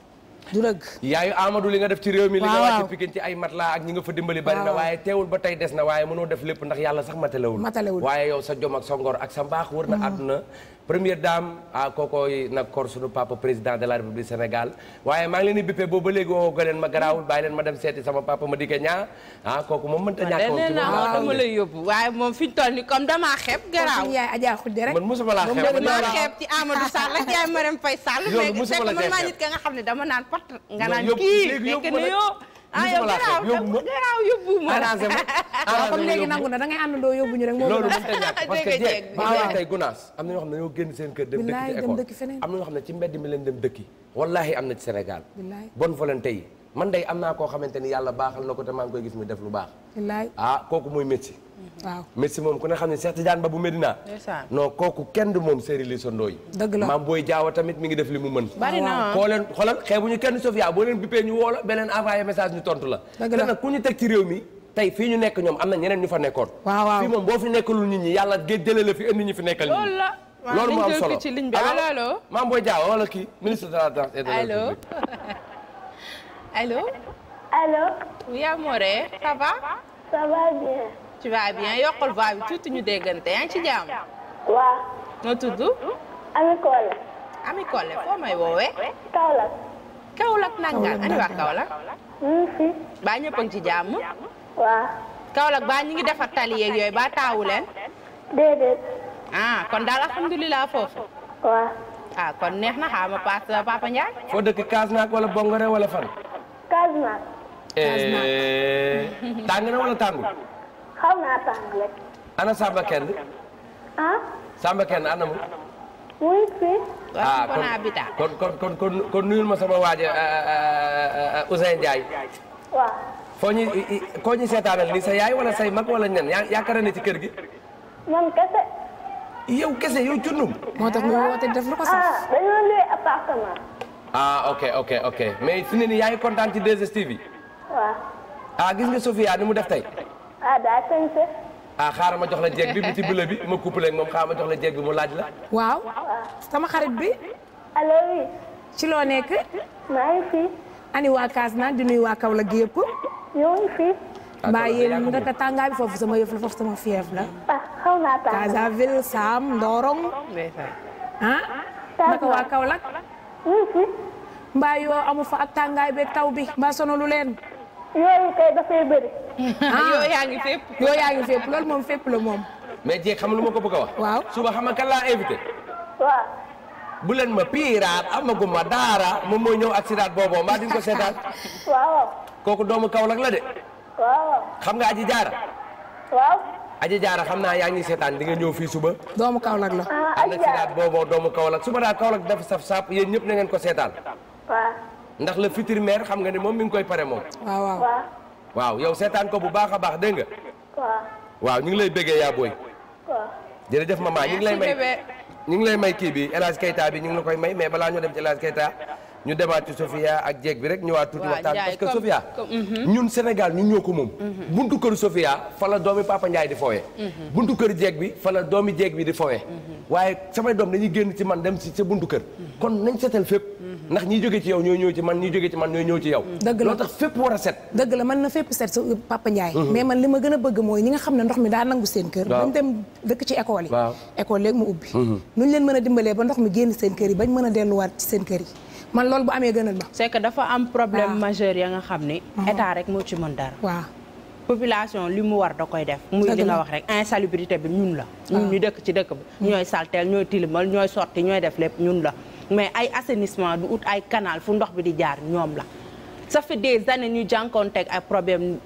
du dëgg yaayu li nga def ci réew mi li nga wàcc Pikine ci ay ak ñi nga fa dimbali bari na waaye teewul ba tey des na waaye mënoo def lépp ndax yàlla sax matalewul matalewul waaye yow sa jom ak sa ngor ak sa mbaax wër na mhm. àdduna première dame ah kookooy nag kor sunu papa président de la république Sénégal waaye maa ngi leen di boobu léegi woo ko ma garaawul bàyyi leen ma dem seeti sama papa ma dikkee ñaa ah moom mënta ñàkk moom dama lay yaay Adja Khoudia rek man léegi fekk man nit ka nga xam ne dama naan pat nga naan kii fekk ne yoo ah yow garaaw garaaw yóbbu ma arrangé ma waaw comme léegi nangu na da ngay àndandoo yóbbu ñu rek moo loolu mënta ñàkk parce que jeeg baa tey gunaas am na ñoo xam ne dañoo génn seen kër dem dëkk ci école am na ñoo xam ne ci mbedd mi leen dem dëkki wallaahi am na ci Sénégal bonne volonté yi man day am naa koo xamante ni yàlla baaxal na ko te maa ngi koy gis muy def lu baax ah kooku mooy métier waaw Messi moom ku ne xam ne Cheikh Tidiane ba bu Medina. non kooku kenn du moom Serigne Lissa Ndoye. dëgg la maam booy jaawa tamit mi ngi def li mu mën. bari na xeebu ñu kenn Sofia boo leen bippee ñu woo la beneen envoyé message ñu tontu la. dëgg te nag ku ñu teg ci réew mi. tey fii ñu nekk ñoom am na ñeneen ñu fa nekkoon. waaw waaw fii moom boo fi nekkalul nit ñi yàlla géej jëlee la fi indi ñu fi nekkal. loolu la loolu moo am solo allo maam booy jaawa wala kii ministre de la danse et de la allo allo. allo. tu vas bien yokkal voix bi ñu déggante yaa ci jàmm. waaw. noo tudd. Ami Kole. foo may woowee. Kaolack. Kaolack nangaan ani waa Kaolack. baa ñëpp a ngi ci jàmm. waaw. Kaolack baa ñu ngi defa tali yeeg yooyu baa taawu leen. ah kon daal alhamdulilah foofu. waaw. ah kon neex na xaaral ma paas euh, Papa Ndiaye. foo dëkk Kasnack wala Bongore wala fan. Kasnack. Kasnack. Eh, tàng na wala tàngul. xaw naa tàng rek. ana Samba Kend. Ah? ana mu. muy fi. ah kon kon kon kon kon nuyul ma sama waaja euh, euh, euh, Ousseyn Ndiaye. waaw. foo ñu koo ñu seetaanal ni sa yaay wala say mag wala ñan yaa yaakaar ne ci kër gi. man kese. yow kese yow cunnum. moo tax nga woote def lu ko sax. ah dañoo luy appartement. ah ok ok ok mais fi ne yaa ngi kontaan ci 2STV. waaw. ah gis nga Sofia ni mu def tey. Ah, ah xaaral ma jox la jeeg bi mu ci bële bi ma couplé ak moom xaaral ma jox la jeeg bi mu laaj la. waaw sama xarit bi. ci loo nekk. maa ngi fi. ani waa Kasna di nuyu waa Kaolack yëpp. ñoo fi. Ah, mbaa yéen nga tàngaay bi foofu sama yëf la Casaville ah, Sam Ndorong. ah. naka waa Kaolack. mbaa yoo amu fa ak tàngaay beeg taw bi mbaa sonalu leen. yooyu kay dafay bëri. Ah. yooyu yaa ngi fépp. yooyu moom fépp la moom. mais jéeg xam lu ma ko bëgg a wax. waaw suba xam nga kan laa invité. waaw. bu leen ma piiraat moom mooy ñëw accident booboo mbaa duñ ko seetaan. waaw. doomu Kaolack la de. nga aji jaara. waaw. aji xam naa yaa ngi seetaan di nga ñëw fii suba. doomu Kaolack la. ah aji jaara am na accident booboo doomu Kaolack suba kaw Kaolack dafa saf saaf yéen ñëpp na ngeen ko seetaan. ndax le futur maire xam nga ni moom mi ngi koy pare moom. waaw yow seetaan ko bu baax a baax dégg nga. waaw ñu ngi lay bëggee yaa booy. waaw ma maman ñu ngi lay may ñu ngi lay may kii bi El Hadj Keita bi ñu ngi la koy may mais balaa ñoo dem ci El Hadj ñu demaat ci Sofia ak jeeg bi rek ñëwaat tuuti waxtaan parce que mhm. ñun senegal ñu ñoo ko moom mhm. buntu kër Sofia fa la doomi Papa Ndiaye di fooye mhm. buntu kër jeeg bi fa la doomi jeeg bi di fooye waaye samay doom dañuy génn ci man dem ci sa buntu kër kon nañ seetal fépp ndax ñi jóge ci yow ñooy ñëw ci man ñi jóge ci man ñooy ñëw ci yow mm. dëgg la loolu tax fépp war a set dëgg la mën na fépp set sa Papa Ndiaye mm-hmm. mais man li ma gën a bëgg mooy ñi nga xam ne ndox mi daa nangu seen kër bañ dem dëkk ci école yi école léegi mu ubbi mm-hmm. leen mën a dimbalee ba ndox mi génn seen kër yi bañ mën a delluwaat ci seen kër yi man lool bu amee gënal ma c'est que dafa am problème ah. majeur ya nga xam ni mm-hmm. état rek moo ci mën dara waa population li mu war da koy def muy li nga wax rek insalubrité bi ñun la ah. ñun ñu dëkk ci dëkk bi mm. ñooy salteel ñooy tilimal ñooy sotti ñooy def lépp ñun la mais ay assenissement du ut ay canal fu ndox bi di jaar ñoom la ça fait des années ñu jànkoonteeg ay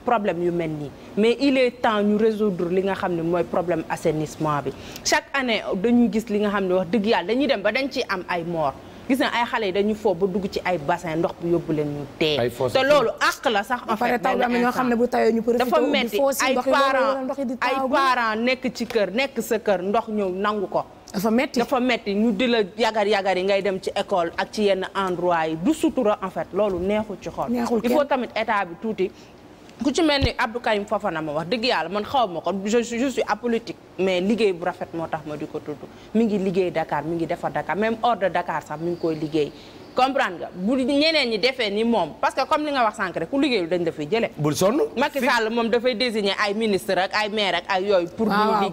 problème yu mel nii mais il est temps ñu résoudre li nga xam ne mooy problème assenissement bi chaque année dañuy gis li nga xam ne wax dëgg yàlla dañuy dem ba dañ ci am ay mort gis na ay xale yi dañu foofu ba dugg ci ay bassin ndox bi yóbbu leen ñu dee te loolu àq la sax en fait ñoo xam ne bu tawee ñu profité dafa metti ay parents ay parents nekk ci kër nekk sa kër ndox ñëw nangu ko dafa metti dafa metti ñu di la yagar yagar yi ngay dem ci école ak ci yenn endroit yi du sutura en fait loolu neexul ci xol il faut tamit état bi tuuti ku ci mel ni Abdou Karim Fofana ma wax dëgg yàlla man xaw ma ko je suis je mais liggéey bu rafet moo tax ma di ko tudd mi ngi liggéey dakaar mi ngi defar Dakar même hors de Dakar sax mi ngi koy liggéey comprendre nga bu ñeneen ñi defee ni moom parce que comme ni nga wax sànq rek ku liggéeyul dañ dafay jëlee. bul sonn Macky Sall moom dafay désigner ay ministre ak ay maire ak yooyu. pour ñu ah,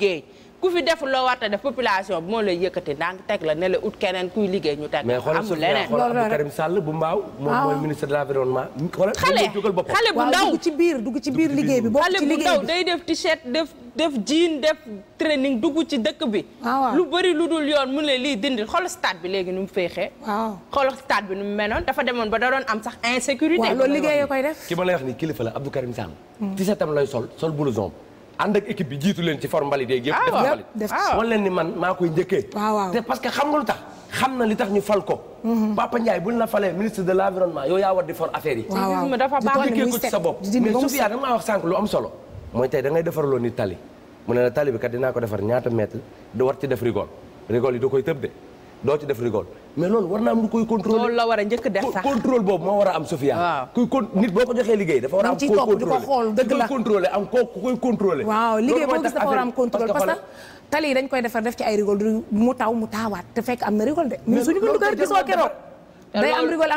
ku fi def loo war a def population bi moo lay yëkkati ndànk teg la ne la ut keneen kuy liggéey ñu teg amul leneen mais Sall bu mbaaw moom mooy ministre de l'environnement xale xale bu ndaw ci biir dugg ci biir liggéey bi xale bu ndaw day def t-shirt def def jean dugg ci dëkk bi ah, lu bëri lu dul yoon mu ne lii dindil xool stade bi léegi nu mu féexee xool stade bi nu mu menoon dafa demoon ba da doon am sax insécurité loolu liggéeyee koy def ki ma lay wax ni kilifa la Abdou Karim Sall hmm. t-shirt am lay sol sol blouson ànd ak équipe bi jiitu leen ci forme mbalit yeeg yëpp. Ah, def mbalit ah. wan leen man maa koy njëkkee. te parce que xam nga lu tax xam na li tax ñu fal ko. Mhm. Papa bu buñ la falee ministre de l' environnement yow yaa war di for affaire yi. waaw dafa baax di nga maa wax sànq lu am solo. mooy tey da ngay defaraloo ni tali mu ne la tali bi kat dinaa ko defar ñaata meet du war ci def rigol rigol yi da koy tëb de doo ci def rigole mais loolu war naa am lu koy contrôler loolu la war a njëkk def sax contrôle boobu moo war a am Sofia ko joxee liggéey dafa war a am koo contrôler dëgg la contrôler am koo waaw liggéey boo gis dafa war a am contrôle parce que dañ koy defar def ci ay rigole du mu taw mu taawaat te fekk am na rigole de ñun suñu bindukaar gisoo keroog day am rigole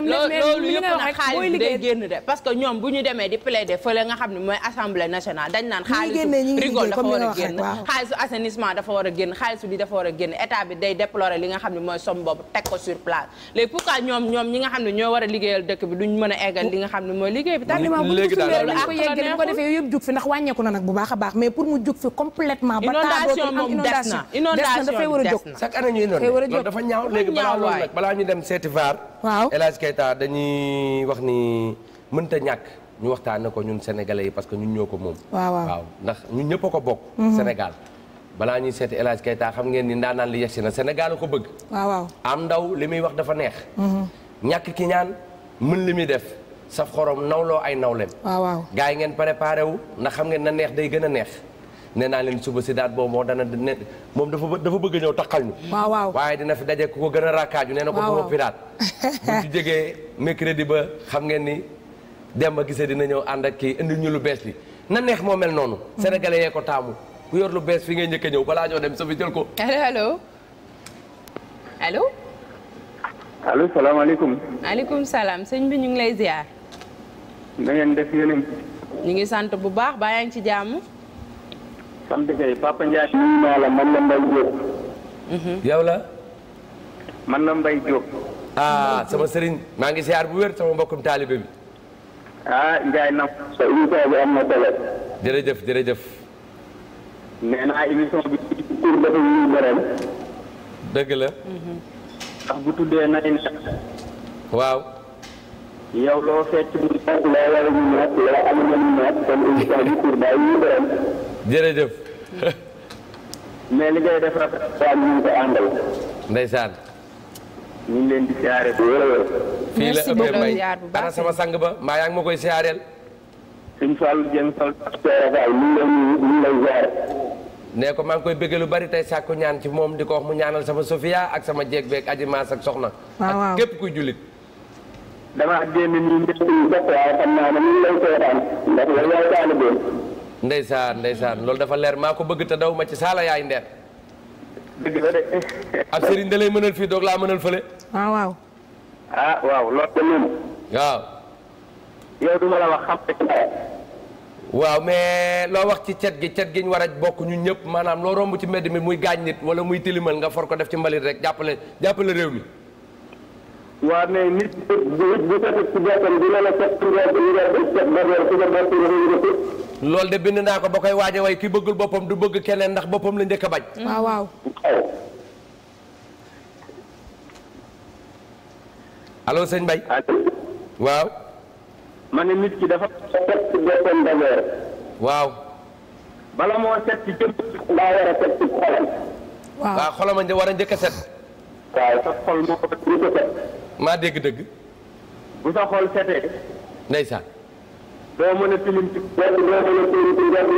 ñoom bu ñu demee di plaider fële nga xam ne mooy assemblée nationale dafa war a génn xaalisu assainissement dafa war a génn xaalisu li dafa war a génn état bi day déplorer li nga xam ne mooy somme boobu teg ko sur place léegi pourquoi ñoom ñoom ñi nga xam ne ñoo war a liggéeyal dëkk bi duñ mën a eggal li nga xam ne mooy liggéey bi tax léegi daal loolu ko yeggee dañ ko defee yëpp jug fi ndax wàññeeku na nag bu a baax mais pour mu jug fi complètement ba inondation moom des na inondation dafay war a jóg chaque année ñu inondé loolu dafa ñaaw léegi balaa loolu ñu dem seeti vaar waaw El Hadj dañuy wax ni mënta ñàkk ñu waxtaanee ko ñun sénégalais yi parce que ñun ñoo ko moom. waaw waaw ndax ñun ñëpp ko bokk. Mhm. senegal balaa ñuy seeti El Hadj xam ngeen ni ndaanaan li yegsi na Sénégal ko bëgg. waaw am ndaw li muy wax dafa neex. Mhm. ñàkk ki ñaan mën li muy def saf xorom nawloo ay nawleem. waaw waaw gars yi ngeen préparé wu ndax xam ngeen na neex day gën a neex. nee naa leen suba si daat boobu dana moom dafa dafa bëgg a ñëw taxal nu waaw waaw waaye dina fi daje ku ko gën a raakaaju. nee na ko bu piraat. bu ci jegee mercredi ba xam ngeen ni Demba Guissé dina ñëw ànd ak indil ñu lu bees li na neex moo mel noonu. Mm. sénégalais ko taamu yor lu bees fi ngay njëkk a ñëw balaa ñoo dem sa jël ko. allo allo allo. allo salaamaaleykum. maaleykum sëñ bi ñu ngi lay ziar. na def yéen ñu ngi sant bu baax baa yaa ngi ci jàmm. sant kay Papa Ndiaye. maa mhm. la man la Mbaye la. man na Mbaye Diop. ah sama sëriñ maa ngi siyaar bu wér sama mbokkum taalibe bi. ah Ndiaye na. sa émission bi am bi tur dafa ñuy borom. la. Mhm. ndax bu tuddee jërëjëf. mais li ngay def rafet a sama sang ba mbaa yaa koy siyaareel. suñu ko maa ngi koy bëgg lu bari tey sàkku ñaan ci moom di ko wax mu ñaanal sama Sofia ak sama jéeg beeg aji ak soxna. képp kuy jullit. damaa génn nii mbir mi waaye xam naa ne ñu lay seetaan ndax yow yaay ndeysaan ndeysaan loolu dafa leer maa ko bëgg te daw ma ci saala yaay ndeer dëgg la de mënal fii doog laa mënal fële ah waaw ah, waaw loolu mais loo wax ci cet gi cet gi ñu war a bokk ñu ñëpp maanaam loo romb ci mbedd mi muy gaañ nit wala muy tilimal nga for ko def ci mbalit rek jàppale jàppale réew mi waa mais nit bu bu loolu de bind naa ko ba koy waaja way ki bëggul boppam du bëgg keneen ndax boppam la njëkk a bañ. Mm. waaw waaw. allo sëñ Mbaye. waaw. ma nit ki dafa set ci war a set waaw waaw xolam a war a njëkk a set. maa dégg dëgg. bu sa xol setee. ndeysaan. doo doo mën a tilim ci benn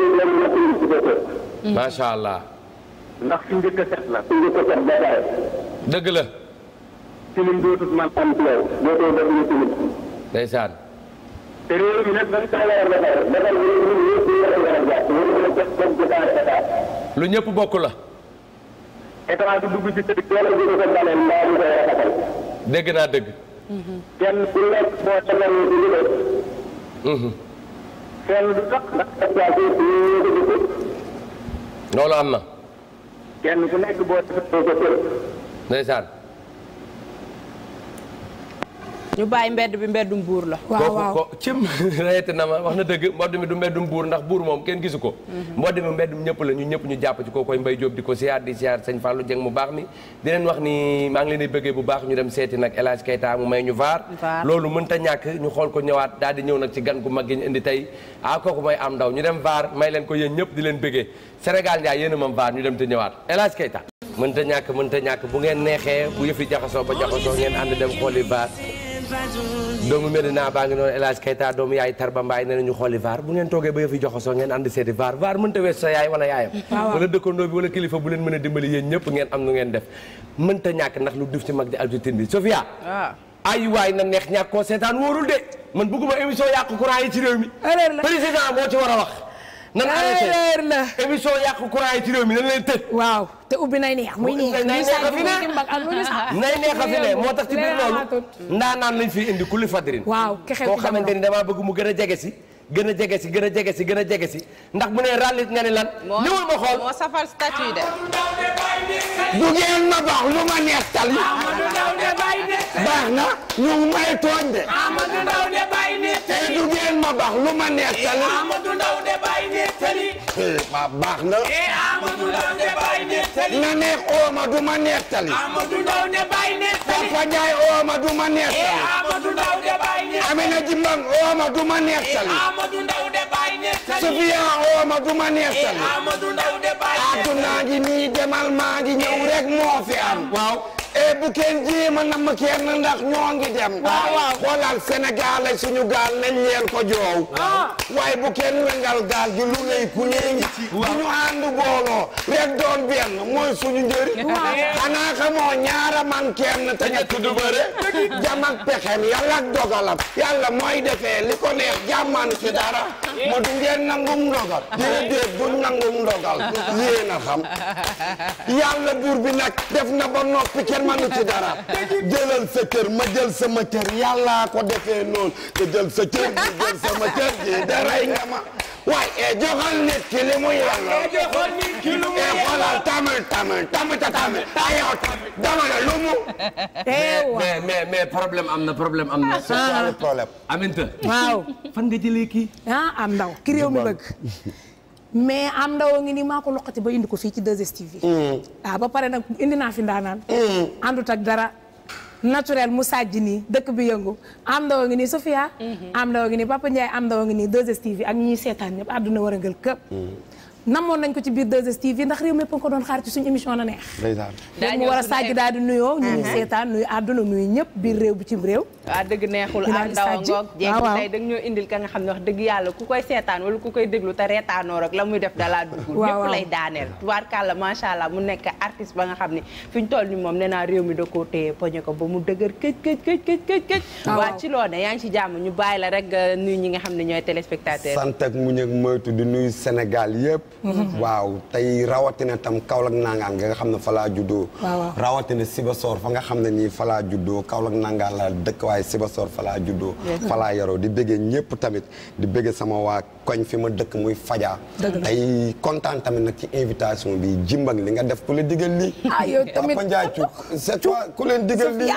mm. allah. ndax fi njëkk set la. dëgg la. tilim dootut man am ci yow dootoo def ñu tilim. ndeysaan. te lu ñëpp bokk la. état du dugg ci kër doole bi ko dalee mbaa du koy rafetal. dégg naa dëgg. kenn ku nekk boo demee di dugal. Mhm. kenn du tax ndax espace yi ñu ko dugg. loolu am na. kenn ku nekk boo defee ko kër. ndeysaan. ñu bàyyi mbedd bi mbeddum buur la waaw waaw cim rayete na ma wax na dëgg mbodd mi du mbeddum buur ndax buur moom kenn gisu ko mhm. mbodd mi mbeddum ñëpp la ñu ñëpp ñu jàpp ci ko koy mbay jóob di ko siyaar di siyaar sëñ Fallou Dieng mu baax mi leen wax ni maa ngi leen bu baax ñu dem seeti nag El Hadj mu may ñu vaar loolu mën ta ñàkk ñu xool ko ñëwaat daal di ñëw nag ci gan gu mag gi ñu indi tey ah kooku mooy am ndaw ñu dem vaar may leen ko yéen ñëpp di leen bëggee Sénégal njaay yéen a mam vaar ñu dem te ñëwaat El Hadj Keita mën ta ñàkk mën ta ñàkk bu ngeen neexee bu yëfi jaxasoo ba jaxasoo ngeen ànd dem xooli vaar doomu Medina baa ngi noonu El Hadj doomu yaay Tarba Mbaye nee na xooli VAR bu ngeen toogee ba yëf yi joxasoo ngeen ànd seeti VAR VAR mënta wees sa yaay wala yaayam ah, wala dëkkandoo bi wala kilifa bu leen mën a dimbali yéen ñëpp ngeen am nu ngeen def mënta ñàkk ndax lu duf ci mag di altitude bi Sofia ah. ay waay na neex ñàkk koo seetaan wóorul de man bëgguma émission yàq courant yi ci réew mi président moo ci war a wax nan arrêté émission yàqu courant yi ci réew mi nan leen tëj. waaw te ubbi nay neex muy neex nay neex a fi ne nay neex a fi ne moo tax ci biir loolu. ndaanaan lañ fi indi kulli fadrin. waaw kexe koo xamante ni damaa bëgg mu gën a jege si. gën a jege si gën a jege si gën a jege si ndax bu nee ràllit nga ne lan. ñëwal ma xool moo safar statut de. bu ngeen ma baax lu ma neex tali. baax na ñu ngi may tooñ de. tey du ngeen ma baax lu ma neex tali. nettali. ma baax na. eh Amadou Ndaw ne bay nettali. na neex ooma du ma nettali. Amadou Ndaw ne bay nettali. Papa Ndiaye ooma du ma eh, nettali. eh Amadou Ndaw ne bay nettali. Amina Jimbang ooma du ma eh, nettali. eh Amadou Ndaw ne bay nettali. Sofia ooma du ma nettali. eh Amadou Ndaw ne bay nettali. àdduna ngi nii demal maa ngi ñëw rek moo fi am. waaw. waaye eh, bu kenn ma a nam kenn ndax ñoo ngi dem. waaw waaw xoolal Sénégal gaal nañ leen ko joow. waaye bu kenn wengal gaal gi lu lay ku nee ngi ci. waaw ñu ànd booloo rek doon benn mooy suñu njëriñ. waaw xanaa xamoo ñaara man kenn te ñett du bëre. jàmm ak pexem yàlla ak dogalam. mooy defee li ko neex jàmman ci dara. ma du ngeen nangum ndogal. déedéet duñ nangum ndogal. yéen a xam. yàlla buur nag def na ba noppi kenn manu ci dara jëlal sa cër ma jël sama cër yàlla ko defee noonu nga jël sa cër ji jël sama cër ji daray nga ma waay e joxal nit ki li mu yàlla e joxal nit ki li mu e yàlla e xoolal tamit tamit tamit tamit ayoo tamit dama ne lu mu eh, mais mais mais problème am na problème am na c'est ça ah. le problème aminta waaw fan nga jëlee kii ah am ndaw ki réew mi bëgg mais am ndaw a ngi nii maa ko loqati ba indi ko fii ci 2STV. Mm. waaw ba pare na indi naa fi ndaanaan. Mm. àndut ak dara. naturel mu sàjj nii dëkk bi yëngu am ndaw a ngi nii Sofia. am mm-hmm. ndaw a ngi nii Papa am ndaw a ngi nii 2STV ak ñi ñuy seetaan ñëpp àdduna war a ngël këpp. Mm. namoon nañ ko ci biir 2STV ndax réew mépp nga ko doon xaar ci suñu émission na neex léegi mu war a Sadji daal di nuyoo mhm. seetaan nuyu àdduna ñëpp biir réew bi cim réew dëgg neexul a ndaw ngoog jéegi tey ñoo indil ka nga xam ne wax dëgg yàlla ku koy seetaan wala ku koy déglu te reetaanoo rek la muy def dalaa duggul ñëpp lay daaneel tubaarkàlla macha allah mu nekk artiste ba nga xam ne fi ñu toll ni moom nee naa réew mi koo téye ko ba mu dëgër këj këj loo ne yaa ngi ci jàmm ñu bàyyi la rek euh, nuyu ñi nga xam ne ñooy téléspectateur sant ak muñ ak moytu di nuyu Sénégal yëpp waaw tey rawatina tam Kaolack nangaan nga xam ne fa laa juddoo rawatina Sibassor fa nga xam ne nii fa juddoo Kaolack nangaan la dëkk waaye Sibassor fa falaa juddoo fa laa di bëggee ñëpp tamit di bëggee sama waa koñ fi ma dëkk muy Fadia tey kontaan tamit nag ci invitation bi jimbang li nga def ku la digal lii ah yow tamit Papa Ndiaye Thiouk c'est ku leen digal lii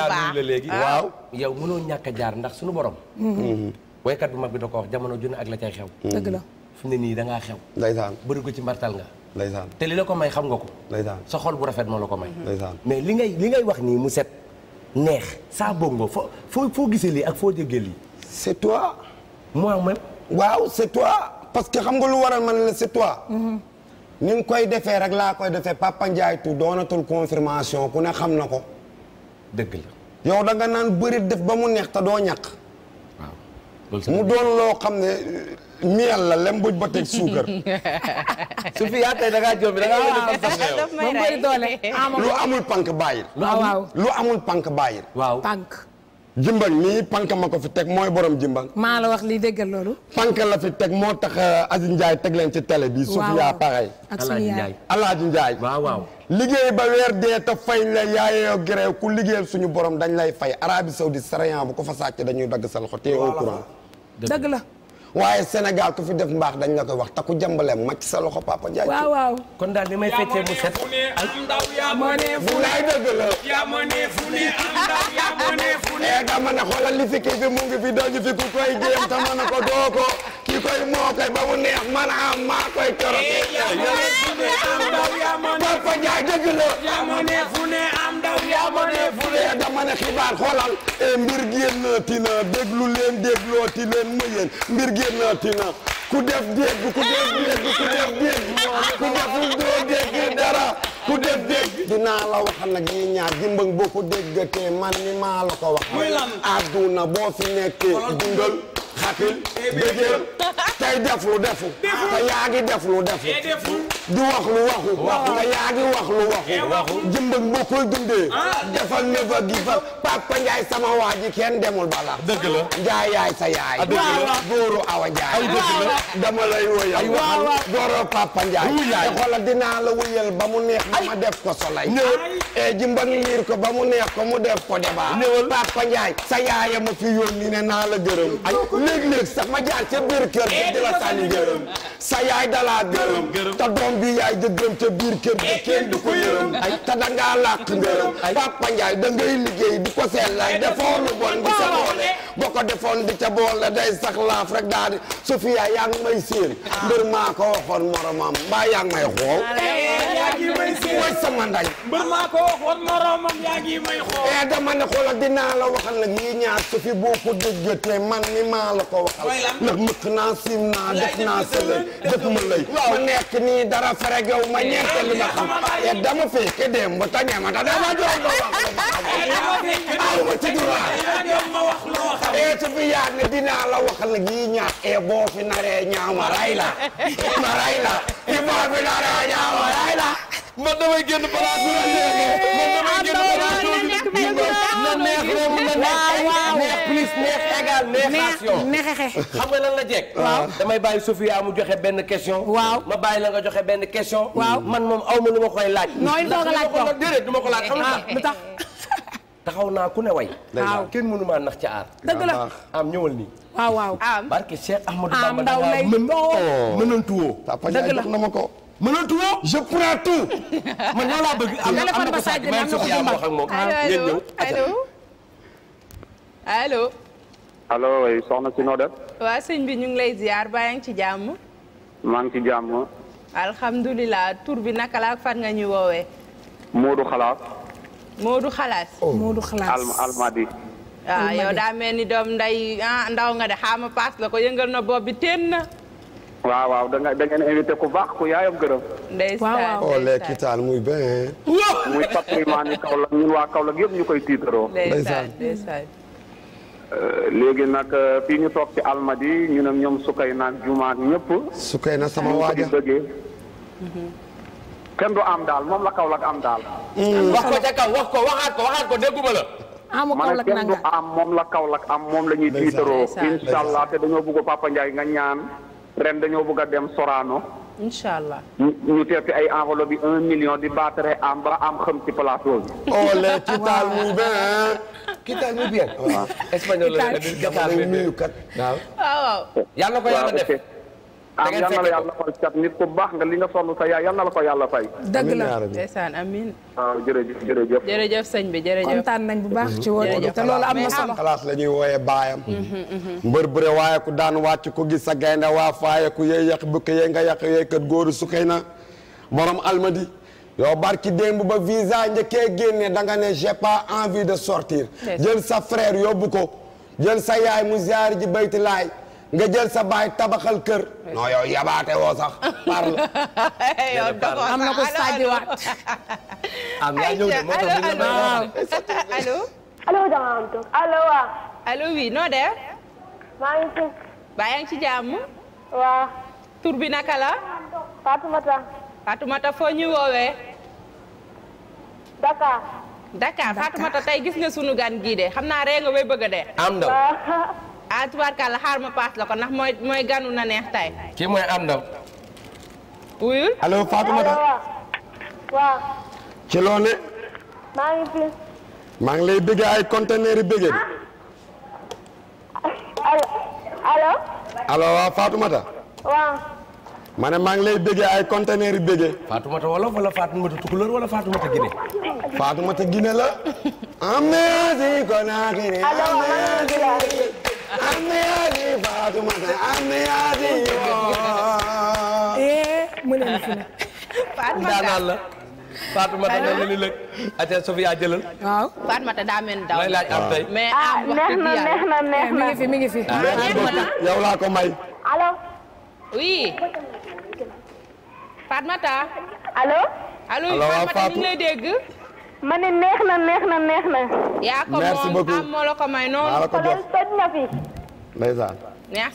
ah, waaw ah, yow mënoo ñàkk jaar ndax suñu borom mm-hmm. waykat bu mag bi da ko wax jamono junne ak la cay xew. Mm. dëgg la fi ne nii da ngaa xew. ndeysaan bëri ko ci mbartal nga. ndeysaan te li la ko may xam nga ko. ndeysaan sa xol bu rafet moo la ko may. ndeysaan mais li ngay li ngay wax nii mu set neex saa bongo foo foo foo gisee lii ak foo déggee lii. c'est toi. moi-même. waaw c'est toi parce que xam nga lu waral man la c'est toi. Mm-hmm. ni koy defee rek laa koy defee Papa Ndiaye tu doonatul confirmation ku ne xam na ko. dëgg la. yow da nga naan bëri def ba mu neex te doo ñàkk. mu doon loo xam ne euh, miel la lem ba teg suukar. su fi yaa tey da ngaa jom lu amul pank bàyyil. waaw lu amul pank bàyyil. pank. jimbang ko fi teg mooy borom jimbang. maa la wax lii déggal loolu. la fi teg moo tax euh, Aziz Ndiaye teg leen ci télé bi. ak Alaaji Ndiaye Alaaji waaw liggéey ba weer dee te fay la yaayoo grève ku liggéeyal suñu borom dañ lay fay Arabie Saoudite sarayan bu ko fa sàcc dañuy dagg sa loxo te au courant. dëgg la waaye Sénégal ku fi def mbaax dañ la ko wax takku jàmbale màcc sa loxo papa Ndiaye. waaw waaw kon daal may feccee bu set. yaa am ndaw yaa ma ne fu ne. yaa ma ne fu ne. dama fi kii bi fi dooñu fi ku koy jéem te ko doo koy mooke ba mu neex man am maa koy coroke. Eh, Papa Ndiaye dëgg la. yaa ma ne fu ne am ndaw yaa ma ne fu ne. Eh, dama ne xibaar xoolal. Eh, mbir génnaati na déglu leen déglooti leen ma yéen mbir génnaati na ku def dégg ku def dégg ku def dégg ku deful doo dégg dara ku def dégg. dinaa la wax nag yi ñaar gi mbëng boo ko déggatee man ni maa la ko wax. muy lan àdduna boo fi nekkee dundal xatil dëgër. ngay def lu defu te yaa ngi def lu defu di wax lu waxu te yaa ngi wax lu waxu jëmbëg boo koy dundee ah. defal ne fa gi fa Papa Njaay sama waa ji kenn demul bala dëgg la Njaay yaay sa yaay ah, góoru Awa Njaay dama lay woyal góoru Papa Njaay te xoola dinaa la woyal ba mu neex ma def ko solay e eh, jëmbëg liir ko ba mu neex ko mu def ko débat Papa Njaay sa yaaya ma fi yónni ne naa la gërëm léeg-léeg sax ma jaar ca biir kër la sa yaay dalaa gërëm ta doom bi yaay jëgëm te biir kër ga kenn ko yërëm ay ta dangaa làkk ngërëm papa Njaay da ngay liggéey di ko seet lay defoo lu bon di ca boole boo ko defoon di ca laaf rek daa di Sofia yaa may séen mbër maa ko waxoon moromam mbaa yaa may xool mooy sama ndañ ee dama ne xoolal dinaa la waxal nag yi ñaar su boo ko déggatee man ni maa la ko waxal ndax mëkk naa sim naa def naa sële def ma lay ma nekk nii dara fereg yow ma ñeent li ma xam et dama fi ke dem ba tañe ma ta dama jox do wax ma wax loo xam e ci bi yaag ne dinaa la waxal gi ñaar e boo fi naree ñaama ray la ma ray la i boo fi naree ñaama ray la man damay génn place man damay génn place neex romb na neex neex plus neex égal xam nga lan la jeeg waaw damay bàyyi Sofia mu joxe benn question waaw ma bàyyi la nga joxe benn question man moom aw ma lu ma koy laaj non il faut laaj ko déedéet du ma ko laaj xam nga tax ah. taxaw naa ku ne way kenn mënu nax ca aar dëgg la am ñëwal nii waaw waaw barke Cheikh Ahmadou Bamba mën mënantuwoo dëgg la na ma ko mënatuloo je prends tout man ñoo laa bëgg. am na am na ko sax maa ngi soxla wax ak moom. allo allo allo. allo si noo def. waa sëñ bi ñu ngi lay ziar ba yaa ngi ci jàmm. maa ngi ci jàmm. alhamdulilah tur bi naka la ak fan nga ñu woowee. Moodu Xalaas. Moodu Xalaas. Xalaas oh. Alma Almadi. yow daa mel ni doom nday ah, ndaw nga de xaama paas la ko yëngal na bopp bi teen na. waaw waaw da nga da ngeen invité baax ku yaayam gërëm. ndeysaan waaw waaw oh, les kitaal muy bien. muy patrimoine Kaolack ñun waa ñu koy tiitaroo. ndeysaan ndeysaan. Euh, léegi nag euh, fi ñu toog ci alma di ñu ne ñoom sukay naag jumaak ñëpp. sukay na sama waaja kenn du am daal moom la Kaolack am daal. Mm. wax ko ca kaw wax ko waxaat ko waxaat ko dégguma la. amu Kaolack kenn du am moom la Kaolack am moom la ñuy tiitaroo. incha allah te dañoo bëgg Papa Ndiaye nga ñaan. ren dañoo bëgg a dem Sorano. incha allah ñu ñu teppi ay enveloppe yi un million di battre am ba am xam ci plateau bi. olé qui parle muy bien. qui parle muy bien. espagnol la kat. waaw. yàlla ko yàlla def. am yal na la yàlla fay cat nit ku baax nga li nga sonn sa yaay yal na la ko yàlla fay. dëgg la ndeysaan amiin. waaw jërëjëf jërëjëf. jërëjëf sëñ bi jërëjëf kontaan nañ bu baax. Mhm. ci woote bi te loolu am na solo. xalaas la ñuy wooyee baayam. Mhm, mhm. mbër bëre waaye ku daan wàcc ku gis sa gaynde waa faaye ku yee yàq bukk yee nga yàq yee kër góoru su xëy na borom almadi. yow barki démb ba visa njëkkee génne da nga ne j'ai pas envie de sortir. jël sa frère yóbbu ko jël sa yaay mu ziar ji bayti laay nga jël sa baay tabaxal kër. non yow woo sax parle. yow dama am na ko Sadio am naa ñëw de moo tax ñu ne allo allo. noo def. maa ngi ci. ba yaa ngi ci bi naka la. Fatoumata. Fatoumata foo ñu woowee. Dakar. Dakar Fatoumata tey gis nga sunu gan gii de xam naa ree nga bay bëgg a dee. am na. ah tubaarkàlla xaar ma paas la ko ndax mooy mooy ganu na neex tay kii mooy am ndaw. wuyul allo Fatoumata. waaw. ci loo maa ngi lay bëggee ay conteneur yu bëggee. Ah, allo. allo waaw Fatoumata. waaw. ma ne maa ngi lay bëggee ay conteneur yu bëggee. Fatoumata wolof wala Fatoumata tukulóor wala Fatoumata Guinée. Fatoumata Guinée la. amee si kon amniyaati Fatoumata amniyaati eh mu ne fi na Fatoumata daanaan la Fatoumata nee na li lëkk ate Sofia jëlal waaw Fatoumata daa mel daw lay laaj am tey mais am ah, ah, neex na neex eh, na neex na mi ngi fi mi ngi fi ah, yow laa ko may allo oui Fatoumata allo allo Fatoumata ñu ngi lay dégg ma ne neex na neex na neex na. yaa ko merci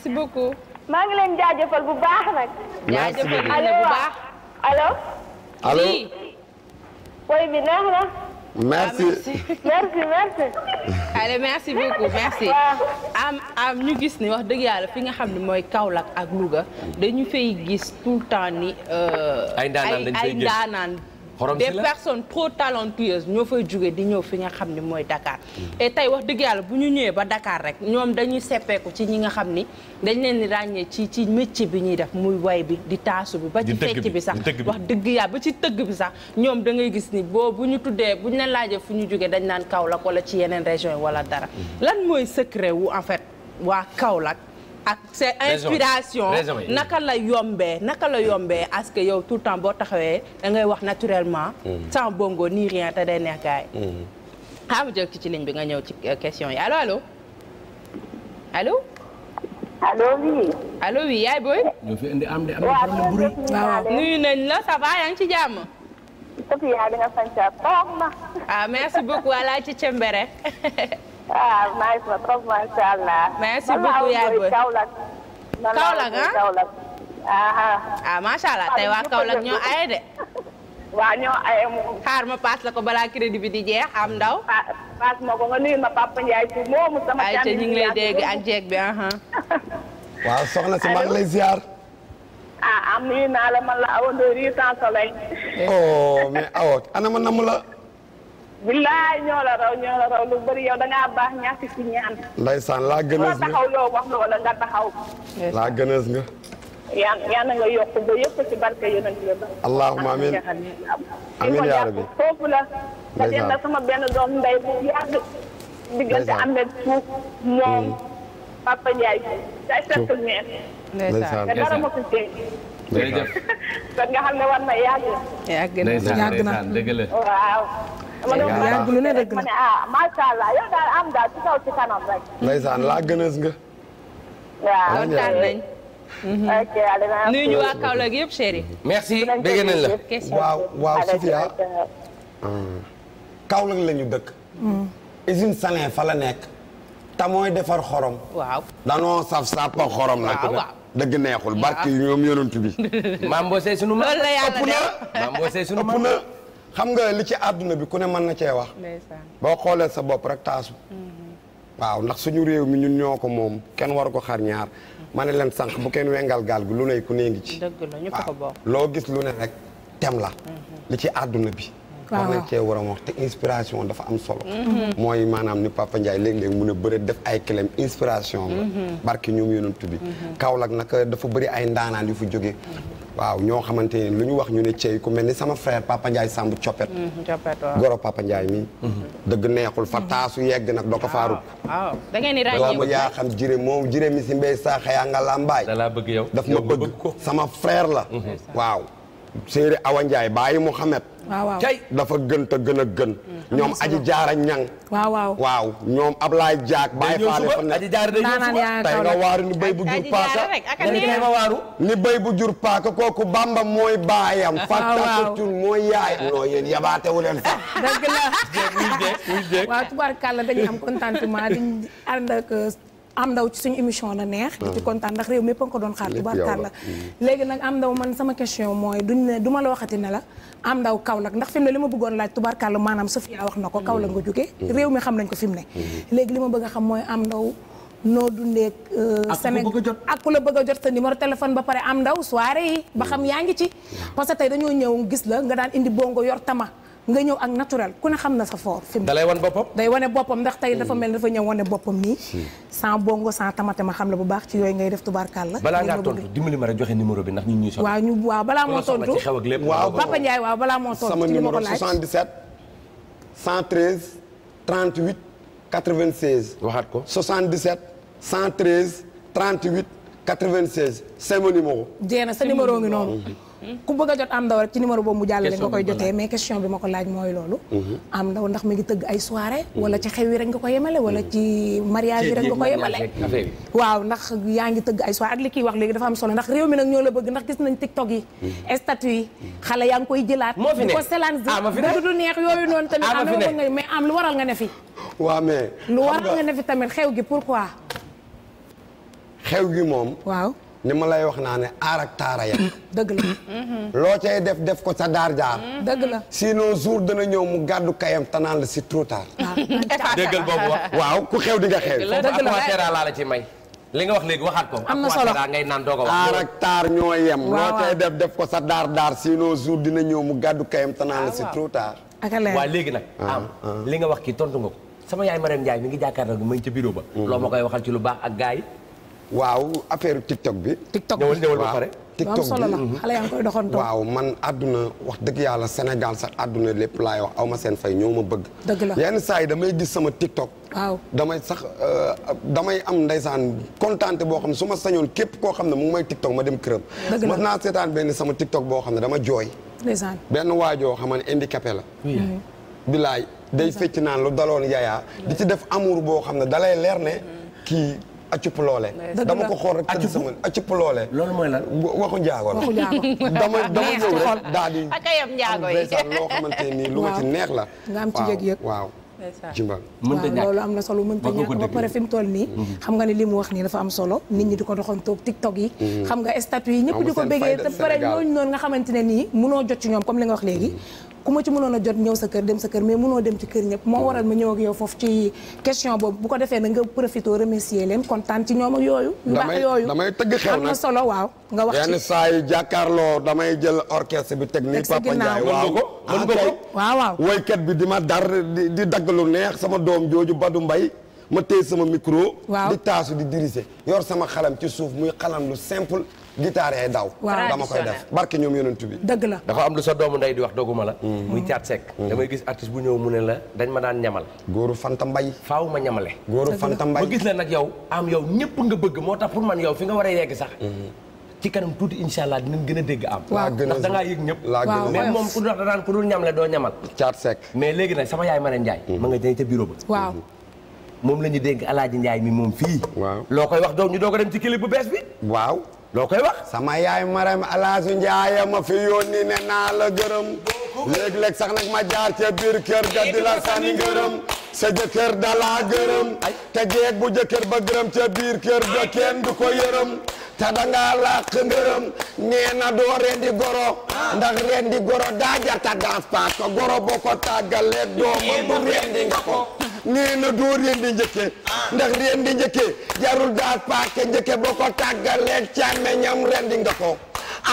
beaucoup. maa ngi leen jaajëfal bu baax nag. merci beaucoup bu baax. allo. allo. woy ah, merci merci merci. am am ñu gis ni wax dëgg yàlla fi nga xam ne mooy Kaolack ak Louga dañu fay gis tout le temps ni. Euh, ay ndaanaan dañu ay ndaanaan. des personnes trop talentueuses ñoo fay jóge di ñëw fi nga xam ni mooy Dakar tey wax dëgg yàlla bu ñu ñëwee ba Dakar rek ñoom dañuy seppeeku ci ñi nga xam ni dañ leen di ràññee ci ci métier bi ñuy def muy way bi di taasu bi ba ci fecc bi sax wax dëgg yàlla ba ci tëgg bi sax ñoom dangay gis ni boobu ñu tuddee bu ñu leen laajee fu ñu jógee dañ naan Kaolack wala ci yeneen région yi wala dara mm. lan mooy secret wu en fait waa Kaolack ak sa inspiration naka la yombee naka la yombe parce mm. que yow tout le temps boo taxawee da ngay wax naturellement mm. sans bongo ni rien te day neex gaay xaaral mm. ah, ma jël ci ligne bi nga ñëw ci euh, question yi allo allo allo allo oui. allo yaay booy. ñoo fi indi am yaa ngi ci jàmm. sëb yaa ngi nga sant ah, ci cembere ah maa ngi trop macha allah. ah Kaolack. ah macha allah tey waa Kaolack de. waa ñoo aye moom. xaar ma paas la ko balaa crédit bi di jeex am ndaw. paas ma ko nga nuyu ma papa Ndiaye ci moomu sama. maa ah am nuyu naa la man la awa Ndoye Rita Soleil. oh mais awa ana ma namm la. billaay ñoo la raw ñoo la raw lu bëri yow da baax ñàkk ci ñaan. ndeysaan laa gënees nga laa gënees nga. yaa yaa na ba yëpp ci barke yonent bi. allahumma amiin amiin yaa rabbi foofu la. ndeysaan te sama mm. dara ma ko jéem. jërëjëf. kon nga xam ne war na yàgg. yàgg na yàgg na waaw. yàgg lu ne dëgg la ma ne ah macha allah yow daal am daal ci kaw ci kanam rek. ndeysaan laa gënees nga. waaw kontaan nañ. Mhm. ok Alioune. nuyu ñu waa Kaolack yëpp chéri. merci dégg nañ la. waaw waaw Sofia. Hmm. Kaolack la ñu dëkk. Hmm. usine Sané fa la nekk. te mooy defar xorom. waaw danoo saf sàpp xorom nag. waaw dëgg neexul barke yi ñoom yonent bi. maam Mbose sunu ma ëpp na maam Mbose sunu ma ëpp na. xam nga li ci àdduna bi ku ne mën na cee wax. boo xoolee sa bopp rek taasu. Mm-hmm. waaw ndax suñu réew mi ñun ñoo ko moom kenn waru ko xar ñaar. Mm-hmm. ma ne leen sànq bu kenn wengal gaal gi lu ne ku nee ngi ci. loo gis lu ne rek tem la. Mm-hmm. li ci àdduna bi. waaw wax nañ cee war a wax te dafa am solo. mooy maanaam ni Papa njaay léeg-léeg mun a bëri def ay clem inspiration la. barki ñoom yonent bi. Kaolack nag dafa bëri ay ndaanaan yu fu jógee. waaw ñoo xamante ne lu ñu wax ñu ne cey ku mel ni sama frère Papa Ndiaye Samb Coppet. Mm, Coppet Papa Ndiaye mi. Mm-hmm. dëgg neexul fa mm-hmm. taasu yegg nag doo ko faarut. waaw da ngeen di ràññee ko yaa xam jire moom jire mi si mbéy saa xëyaa nga làmbaay. da laa bëgg yow daf ma bëgg sama frère la. Mm-hmm. waaw Seydou Awa Ndiaye bàyyi Mouhamed. waaw waaw tey dafa gën gën hmm. ñoom aji jaara ñang waaw waaw waaw ñoom Ablaye Diak. bàyyi faale fa nekk tey nga waaru ni béy bu jur paaka. ni béy kooku bamba mooy baayam. Ah, waaw waaw Fatou mooy yaayam. non yéen yabaate wu leen fa. dëgg la waaw tubaarkàlla dañuy am contentement dañuy ànd euh, am ndaw ci suñu émission la neex ah. di ci kontaan ndax réew mépp nga ko doon xaar tubaarkàlla mm. léegi nag am ndaw man sama question mooy duñ du ma la waxati la am ndaw Kaolack ndax fi mu ne li ma bëggoon laaj tubaarkàlla maanaam Sofia wax na ko Kaolack nga jógee mm-hmm. réew mi xam nañ ko fi ne mm-hmm. léegi li ma bëgg a xam mooy am ndaw noo dundee euh, Sénégal ak ku la bëgg a jot sa numéro téléphone ba pare am ndaw soirée yi ba xam mm-hmm. yaa ngi ci parce que tey dañoo ñëw gis la nga daan indi bongo yor tama nga ñëw ak naturel ku ne xam na sa fort fi mu dalay wan boppam day wane boppam ndax tey dafa hmm. mel dafa ñëw wane boppam nii hmm. sans bongo sans tamate ma xam la bu baax ci yooyu ngay def tubaarkàlla balaa ngaa tontu dimbali ma rek joxe numéro bi ndax ñun ñuy waaw ñu waaw balaa moo tontu waaw Papa Ndiaye waaw balaa moo tontu sama numéro 77 113 38 96 waxaat ko 77 113 38 96 c'est mon numéro jeena sa numéro ngi noonu ku bëgg a jot am ndaw rek ci numéro boobu mu jàllale nga koy jotee mais question bi ma ko laaj mooy loolu mhm. am ndaw ndax mi ngi tëgg ay soirée mhm. wala ci xew yi rek nga ko yemale wala mhm. ci mariage yi rek nga ko yemale waaw ndax yaa ngi tëgg ay soirée ak li kii wax léegi dafa am solo ndax réew mi nag ñoo la bëgg ndax gis nañ tiktok yi statut yi xale yaa ngi koy jëlaat di ko selaan di ah, du neex yooyu noonu tamit ah, am lu waral nga ne fi waaw mais lu waral nga ne fi tamit xew gi pourquoi xew gi moom waaw ni ma lay wax naa ne aar ak taara ya mm-hmm. dëgg la mm-hmm. loo cay def def ko sa daar jaar mm-hmm. dëgg la sinon jour dana ñëw mu gàddu kayam tanaan la si trop tard ah, déggal boobu wax waaw ku xew di ci may li nga wax léegi waxaat ko am na solo ngay naan doog a taar ñoo yem loo cay def ko sa daar daar sinon jour dina ñëw mu gàddu kayam tanaan la si ah, trop a waaw léegi nag ah, am li nga wax kii tontu nga ko sama yaay Marème Ndiaye mi ngi jàkkaarloo ma ngi ca bureau ba loo ma koy waxal ci lu baax ak gaay waaw affaire TikTok bi. TikTok bi ñëwal ñëwal ba pare. TikTok bi xale yaa ngi waaw man àdduna wax dëgg yàlla Sénégal sax àdduna lépp laay wax aw ma seen fay ñoo ma bëgg. dëgg la yenn saa yi damay gis sama TikTok. waaw damay sax euh, damay am ndeysaan kontaan boo xam ne su ma sañoon képp koo xam ne mu ngi may TikTok ma dem këram. ma la mën naa seetaan benn sama TikTok boo xam ne dama jooy. ndeysaan benn waajoo xam ne handicapé la. Mm-hmm. bilaay day fecc naan lu daloon yayaa di ci def amour boo xam ne dalay leer ne kii. accup loole. dama ko xool rek tëdd sama accup loole. loolu mooy lan waxu njaago la. dama dama ñëw rek daal di. ak ayam njaago yi loo xamante ni lu ma ci neex la. nga am ci yëg loolu am na solo mënta ñàkk nii mhm. xam nga ne li mu wax nii dafa am solo nit ñi di ko doxoon toog tiktok yi mhm. xam nga statut yi ñëpp di ko bëggee te pare ñooñu noonu nga xamante nii munoo jot ci ñoom comme li nga wax léegi ku ma ci mënoon a jot ñëw sa kër dem sa kër mais mënoo dem ci kër ñëpp moo waral ma ñëw ak foofu ci question boobu bu ko defee na nga profité remercier leen kontaan ci ñoom ak yooyu yu baax yooyu damay tëgg xew na solo waaw nga wax ci yenn saa jàkkaarloo damay jël orchestre bi technique Papa Ndiaye waaw mën ko ah, waaw waaw woykat bi di ma dar di dagg lu neex sama doom jooju Badou mbay ma téye sama micro di taasu di diriger yor sama xalam ci suuf muy xalam lu simple guitare ay daw dama koy def barke ñoom yonent bi dëgg la dafa am lu sa doomu ndey di wax doguma la mm. muy caat sec mm. damay gis artiste bu ñëw mu ne la dañ ma daan ñamal góoru fanta mbay faaw ma ñamale góoru fanta mbay ma gis la nag yow am yow ñëpp nga bëgg moo tax pour man yow fi nga war a yegg sax mm-hmm. ci kanam tuuti incha allah dinañ gën a dégg am ndax da ngaa yëg ñëpp mais moom ku dox da daan ku dul ñamle doo ñamal caat sec mais léegi nag sama yaay ma ne Njaay ma nga jënd ca bureau ba waaw mm-hmm. la ñu dénk Alaaji Njaay mi moom fii waaw loo koy wax doo ko dem bu bees bi waaw loo koy wax sama yaay maram alaasu njaay ma fi yónni ne naa gërëm léeg-léeg sax nag ma jaar ca biir kër ga di la sànni ngërëm sa jëkkër dalaa gërëm te jeeg bu jëkkër ba gërëm ca biir kër ga kenn du ko yërëm te danga làq ngërëm nee na doo rendi goro ah. ndax rendi goro daa jarta daaf paas ko goro boo ko tàggalee dooma du rendi nga ko doo rendi njëkke ah. ndax rendi njëkke jarul daaf paas ke njëkke boo ko tàggalee càmmeñam rendi nga ko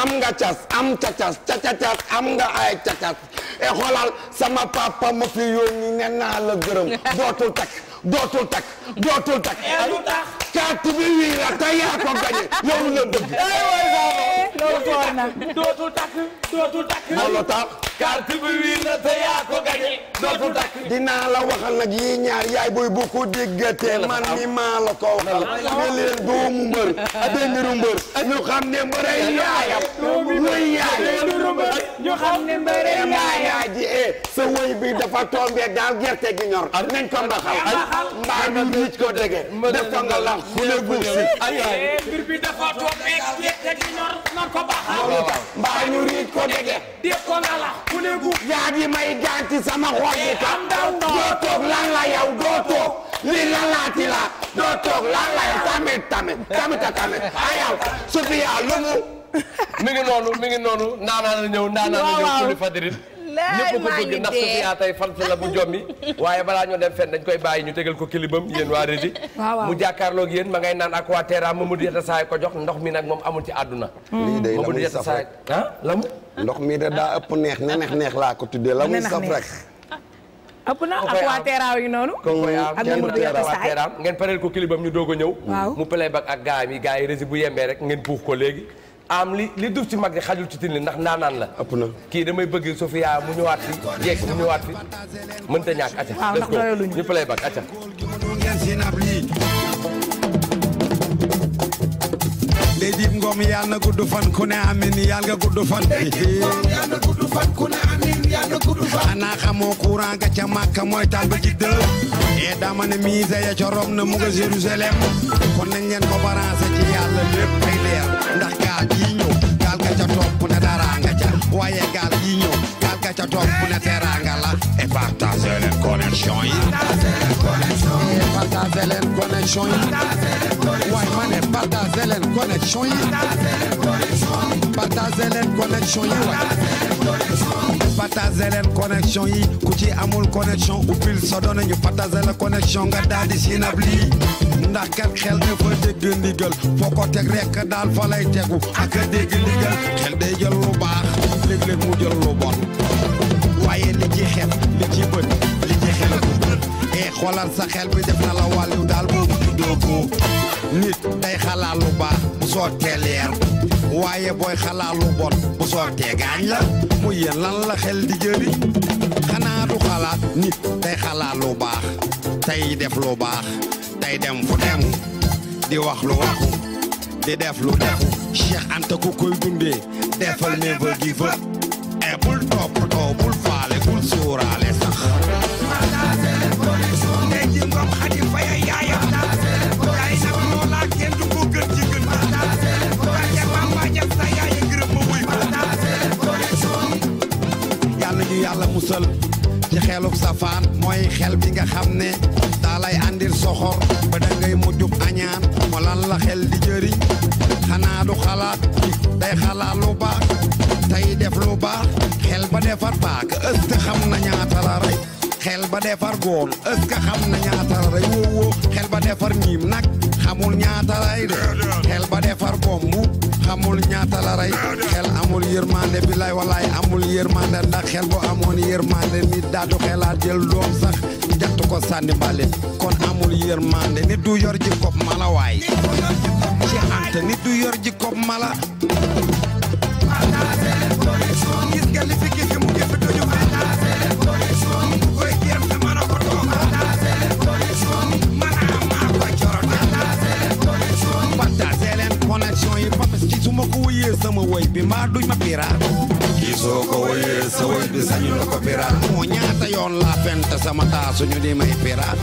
am nga cas am cacas cacacas am nga ay cacas e xoolal sama papa ma fi yónni ne naa la gërëm dootul takk dootul takk dootul takk. Eh, carte bi wii la tey yaa bëgg. Eh, loolu foor na dootul takk dootul takk. la dootul takk. dinaa la waxal nag yii ñaar yaay booy bu ko diggatee man mi maa la ko waxal. ne leen doomu mbër. adé mbiru mbër. ñu xam ne mbëray yaayam. muy yaayam. sunu mbër ñu xam eh, sa wëy bi dafa tombé daaw gerte gi ñor nañ ko mbaxal mbaa nga nit ko dege eh, eh, yaa ji may ganti sama xol bi doo toog lan la yow doo toog li lan laati la doo toog lan la yow tamit lumu mi ngi noonu mi ngi noonu ndaanaan la ñëw ndaanaan la ñëw kuli fadirin ñëpp bu jommi waaye balaa ñoo dem fen dañ koy bàyyi ñu tegal ko kilibam yéen waa Redi mu jàkkaarloog yéen ma ngay naan Aquaterra Mamadou Yatasaay ko jox ndox mi nag moom amul ci àdduna hmm. Mamadou ah, ndox mi da neex nenex neex laa ko tuddee la muy saf na Aquaterra yi noonu ak Mamadou Yatasaay ko kilibam ñu doog a ñëw mu ak gaayam yi yi Redi bu yembee rek ngeen puux ko léegi am li li ci mag yi xajul ci tin ndax naanaan la. ëpp na kii damay bëgg Sofia mu ñëwaat fi jeeg mu ñëwaat fi mënta ñàkk acca. waaw ndax ñu play back acca. Lady Ngom yal na gudd fan ku ne amin yal nga gudd fan. Lady Ngom yal na gudd fan ku ne amin yal nga gudd fan. xanaa xamoo courant ga ca Makka mooy taal ba ci dër. Eh, ne mise ya ca na mu nga Jérusalem kon nañ ko baranse ci yàlla lépp. muy na dara nga ja ku ci amul connexion ubbil so doon nañu partage la connexion nga daal di sinab lii ndax kat xel dafa dégg ndigal foo ko teg rek daal fa lay tegu ak a dégg ndigal xel day jël lu baax léeg-léeg mu jël lu bon waaye li ci xel li ci bët li ci xel bu bët e eh, xoolal sa xel bi def na la wàllu daal boobu juddoo ko nit day xalaat lu baax bu sottee leer waaye booy xalaat lu bon bu sottee gaañ la mu yéen lan la xel di jëriñ xanaa du xalaat nit day xalaat lu baax tey def lu baax tey dem fu dem di wax lu waxu di def lu defu Cheikh Anta ku koy dundee defal never give e bul toppatoo bul faale bul suuraale sax yàlla musal ci xeluk safaan mooy xel bi nga xam ne daa lay àndir soxor ba da ngay mujjub añaan mo lan la xel di jëriñ du xalaat day xalaat lu baax def lu xel ba defar baax est xam na ñaata la xel ba defar góor est xam na ñaata la rey woo xel ba defar ñiim nag xamul ñaata lay de xel ba defar bombu xamul ñaata xel amul yërmande billaay wallaay amul yërmande ndax xel bu amoon yërmande nit daatu xelaat jël doom sax jatt ko sànni bale kon amul yërmande nit du yor jikkob mala waay woyee sama woy bi maa ma piraat kii soo ko woyee sa woy bi sañu la piraat moo ñaata yoon laa fent sama taa suñu di may piraat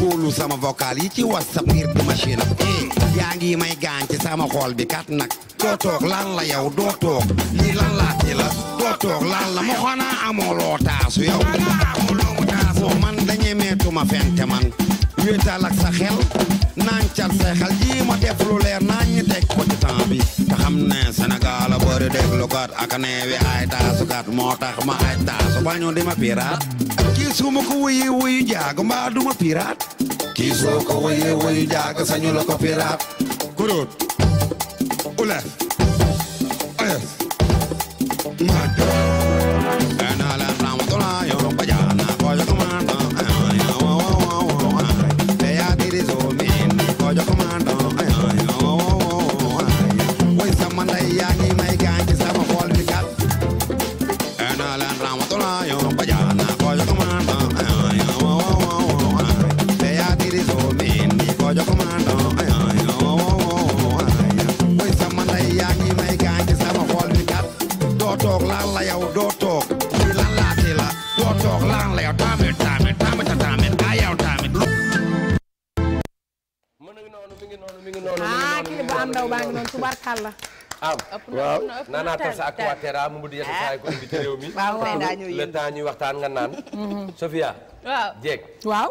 góolu sama vocal yi ci whatsapp ngir di machine ab eh, yaa ngi may gaañ sama xool bi kat nag doo toog lan la yow doo toog lii la doo toog lan amoo loo taasu yow amoo loo mu taasoo man dañee man wéetal ak sa xel naan cal sa xel ji ma def lu leer naan ñu ko temps bi te xam ne Sénégal a bëri déglukat ak neewi ay taasukat moo tax ma ay taasu bañu di piraat kii su ma ko wuyi wuyu jaag piraat kii soo ko wuyi wuyu jaag sañu la piraat kurut ulef ayes xàlla am waaw naanaa tasa ak waa Terra mu di yenn saa yi ko indi ci réew mi. waaw waaw le temps ñuy waxtaan nga naan. Mhm. Sofia. waaw jeeg waaw.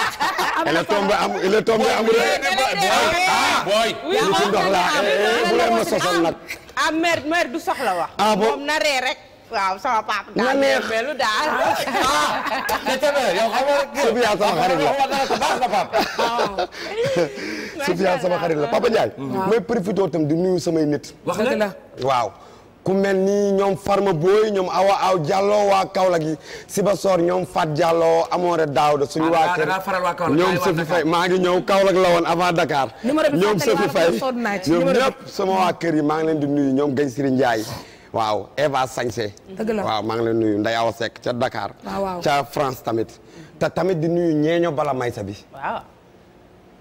elle est tombée am elle est tombée am. booy booy ah, ndox la eh, eh, bu leen ma sosal nag. ah mère mère du soxla wax. ah bon moom na ree rek. waaw sama papa. na neex lu daal. ah yow xam nga. Soufiane sama xarit la. Soufiane sama xarit la Papa Ndiaye. may profité itam di nuyu samay nit. wax nga la waaw. ku mel ni ñoom Farma Boy ñoom Awa Aw Diallo waa Kaolack yi Sibassor ñoom Fat Diallo Amoore Daouda suñu ah, waa kër ñoom Sophie Faye maa ngi ñëw Kaolack la woon avant Dakar ñoom Sophie Faye ñoom ñëpp sama waa kër yi maa ngi leen di nuyu ñoom Gagne Siri jaay waaw Eva Sañse waaw maa ngi leen nuyu Ndeye Awa Seck ca Dakar ca France tamit te tamit di nuyu ñeeño bala maysa bi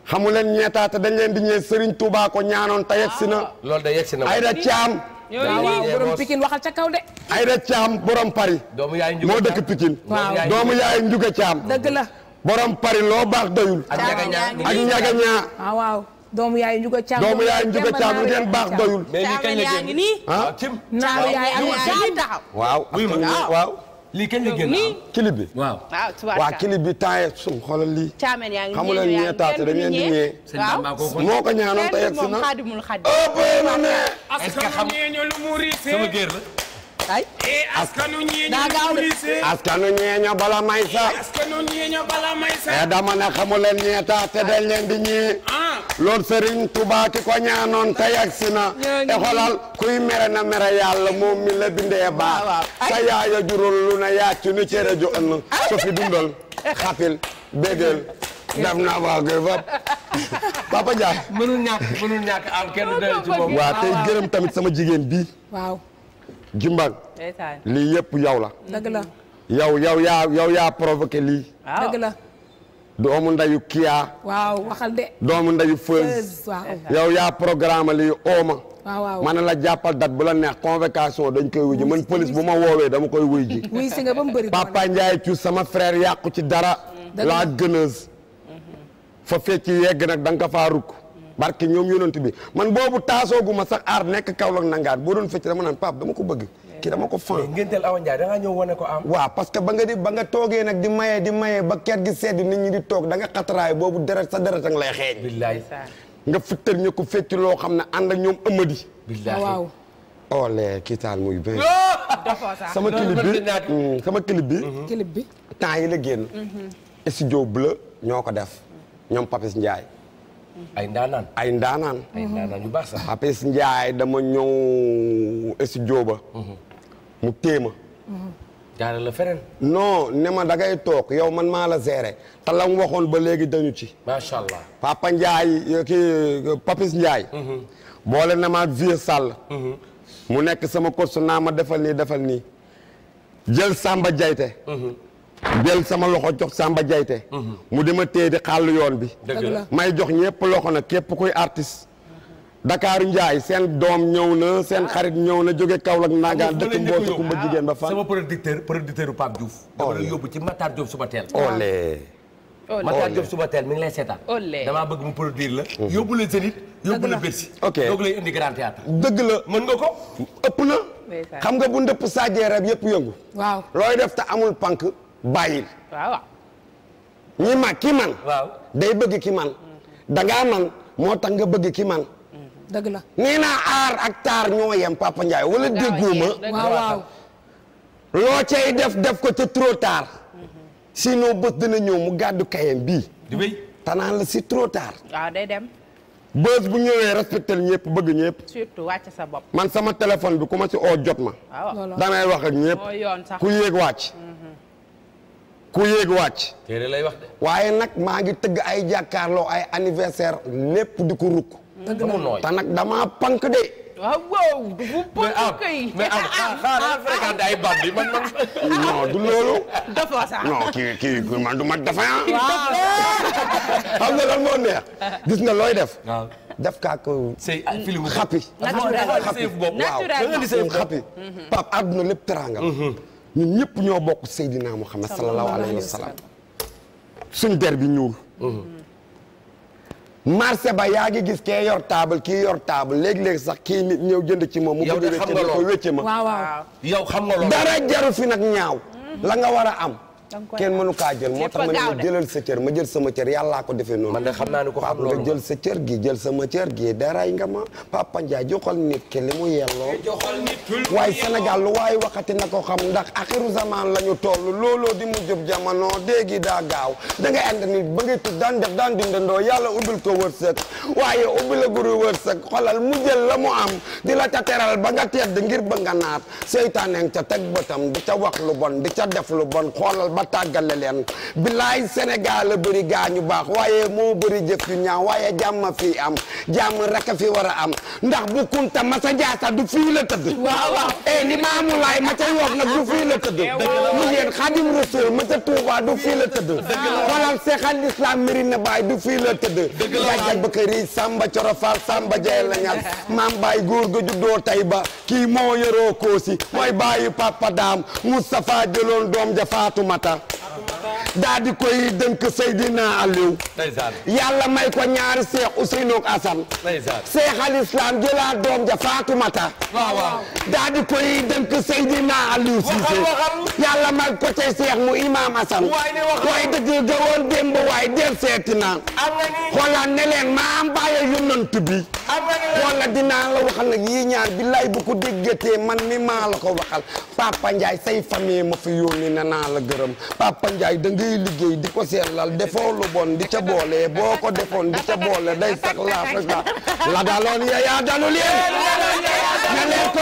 xamu leen ñeetaate dañ leen di ñee Serigne Touba ko ñaanoon te yegsi na loolu de waaw borom Pikine waxal ca kaw de. Aïda Thiam borom Paris. doomu yaay Njuga moo dëkk Pikine. waaw doomu yaay Njuga Thiam. dëgg la. borom Paris loo baax doyul. ak ñaga ñaa ak ñaga ñaa. waaw waaw. doomu yaay Njuga Thiam doomu yaay Njuga Thiam lu ngeen baax doyul. mais lii kañ la génn ah. naaw yaay ak ñaar taxaw. waaw. lii kañ la génn clip bi waaw. waaw tubaab waaw clip bi temps yeeg suñu xoolal lii. caaman yaa ngi ñëw moo ko ñaanoon te yegg si ay eh, askanu ñeeño bala may sa e dama ne xamu leen ñeeta te dañ leen di ñee ah. loolu Serigne Touba ki ko ñaanoon tey agsi na e xolal kuy mere na mere yàlla moom mi la bindee ah, baax sa yaaya jurul lu na yaa ci nu cere ju ënn so fi dundal xapil bégel dam na waa koy fab Papa Ndiaye mënul ñàkk mënul ñàkk am kenn doyul ci moom waaw tey gërëm tamit sama jigéen bi waaw Jimbang lii yëpp yow la. dëgg la yow yow yaa yow yaa provoqué lii. dëgg la. doomu ndayu Kia. waaw waxal de. doomu ndayu Feuz. yow yaa programme lii ooma. waaw waaw ma ne la jàppal date bu la neex convocation dañ koy wujji man police bu ma woowee dama koy wuy ji. wuy si nga ba mu bëri. papa Ndiaye ci sama frère yàqu ci dara. la gëneuse. Mhm. fa fecc yegg nag da nga ko faa rukk. barke ñoom yonent bi man boobu taasoogu ma sax aar nekk Kaolack nangaan boo doon fecc dama naan Pape dama ko bëgg ki dama ko fan ngénteel Awa Ndiaye da wane ko am que ba nga di ba nga toogee nag di mayee di mayee ba keer gi sedd nit ñi di toog danga nga xataraay boobu deret sa deret lay xeeñ billaay nga fittar ñu ko fecc loo xam ne ànd ak ñoom ëmadi billaay waaw ole oh, kii taal muy benn mm, sama clip bi sama clip bi clip bi temps yi la génn mm-hmm. studio bleu ñoo ko def ñoom Papis Ndiaye ay ndaanaan ay ndaanaan. ay ndaanaan yu Papis Ndiaye dama ñëw studio ba. Mhm. mu téema. jaaree la feneen. non ne ma dangay toog yow man maa la gérer te la mu ba léegi dañu ci. macha allah Papa Ndiaye euh, kii euh, Papis Ndiaye. Mhm. boole na ma vieux mhm. mu nekk sama coach naa ma defal nii defal nii jël Samba Jayte. jël sama loxo jox Samba Jayte mhm. mu dema téye di xàllu yoon bi may jox ñëpp loxo nag képp kuy artiste Dakaaru Njaay seen doom ñëw na seen ah. xarit ñëw na jóge Kaolack naagaan dëkk Mboose Kumba jigéen ba fan sama producteur producteur Pape Diouf dama la yóbbu ci Matar Diop suba teel olé Matar Diop suba teel mi ngi lay seetaan damaa bëgg mu produire la mhm. yóbbu la Zénith yóbbu ok doog lay dëgg la mën nga ko ëpp na xam nga bu ndëpp saajee rab yëpp yëngu looy def amul pank bàyyil. waaw ñi ki man. waaw day bëgg ki man. man moo tax nga bëgg ki man. dëgg la nee naa aar ak taar ñoo yem wala déggoo ma. waaw loo cay def def ko te trop tard. sinon bés dina ñëw mu gàddu kayam bii. di tanaan la si trop tard. waaw day dem. bés bu ñëwee respecté ñëpp bëgg ñëpp. surtout wàcc sa bopp. man sama téléphone bi ku ma si oo jot ma. damay wax ak ñëpp. ku yéeg wàcc. Mhm. ku yéeg wàcc. lay wax waaye nag maa ngi tëgg ay jàkkaarloo ay anniversaire lépp di ko rukk. dëgg la te du loolu. dafa sax non kii kii man du ma dafa ah. gis nga looy def. waaw def kaa ko. say ah, filimu xapi. naturellement ñun ñëpp ñoo bokk Seydina Muhammad sallallahu alayhi wa suñ der bi ñuul mm-hmm. marché ba yaa ngi gis kee yor taabal kii yor taabal léegi-léegi sax kii nit ñëw jënd ci moom mu ko wécce ma yow xam nga loolu nag ñaaw mm-hmm. la nga war a am kenn mënu ka jël moo tax ma ne ma jëlal sa cër ma jël sama cër yàllaa ko defee noonu. man ko xam loolu nga jël sa gi jël sama cër gi nga ma Papa Ndiaye joxal nit ki li mu yelloo. waaye Sénégal lu waaye waxati na ko xam ndax axiru zaman la ñu toll looloo di mujjub jamono déegi daa gaaw da ngay ànd nit ba ngay tudd daan def daan dundandoo yàlla ubbil ko wërsëg waaye ubbi la guru wërsëg xolal mu jël la mu am di la ca teral ba nga tedd ngir ba nga naat seytaane ca teg bëtam di ca wax lu bon di ca def lu bon xoolal ba tàggale leen bilaay Sénégal a bëri gaa ñu baax waaye moo bëri jëf yu ñaaw waaye jàmm fii am jàmm rek a fi war a am ndax bu kunta masa jaasa du fii la tëdd waaw eh, laay ma ca yoof nag du fii la tëdd mu yéen xadim rasul ma ca tuuba du fii la tëdd xoolal seex al islam Medina Baay du fii la samba corofal samba jay la ñal maam baay góor ga juddoo tay ba kii moo yoroo koosi mooy baayu papa daam Moustapha jëloon doom ja Faatumata Dakar daa di koy dënk Seydina Aliou yàlla may ko ñaari Cheikh Ousseynou ak Assane Cheikh al Islam jëlaat doom ja Fatoumata daa di koy dënk Seydina Aliou Cissé yàlla may ko ca Cheikh mu Imam Assane waaye dëgg ga woon démb waaye del seeti naa xoola ne maam bàyyi yonent bi xoola dinaa la waxal nag yii ñaar billaay bu ko déggatee man mi maa ko waxal Papa Ndiaye say famille ma fi yónni na la gërëm Papa Ndiaye ngay liggéey di ko sellal defoo lu bon di ca boole boo ko defoon di ca boole day sax la la daloon yayaa dalu leen na leer ko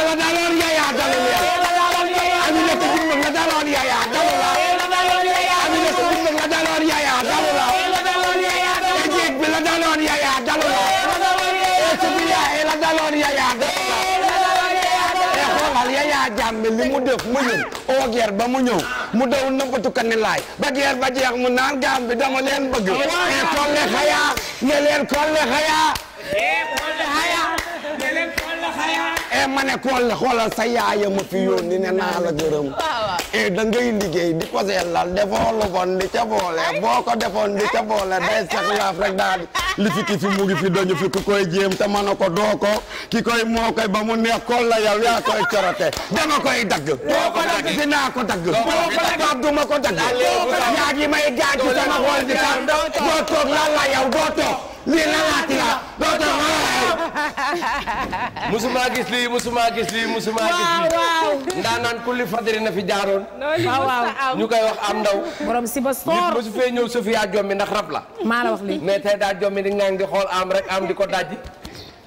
ne li mu def mu ñëw oo geer ba mu ñëw mu daw nëbbatu ka ne laay ba geer ba jeex mu naan gaam bi dama leen bëgg. waaw waaw mais Collé Xaya ne leen Collé Xaya. e ma ne kool xoolal sa ma fi yónni ne naa gërëm e da ngay liggéey di ko sellal defoo lu bon di ca boole boo ko defoon di ca boole day sax laaf rek daal li fi ki fi mu fi dañu fi ku koy jéem te mën a ko doo ko ki koy moo ba mu neex la yow yaa koy corote dama koy dagg boo ko dagg dinaa ko dagg boo ko dagg duma ko dagg yaa ngi may gaañ ci sama xool di tax boo toog lan la yow boo toog lii la laati la dootoo ma laay. musuma gis lii musuma gis lii musuma gis lii. waaw waaw. ndaanaan kulli fadri na fi jaaroon. ñu koy wax am ndaw. borom si ba soor mosu fee ñëw Sofia jommi ndax rab la. maa la wax lii mais tey daal jommi di ngaan di xool am rek am di ko dajji.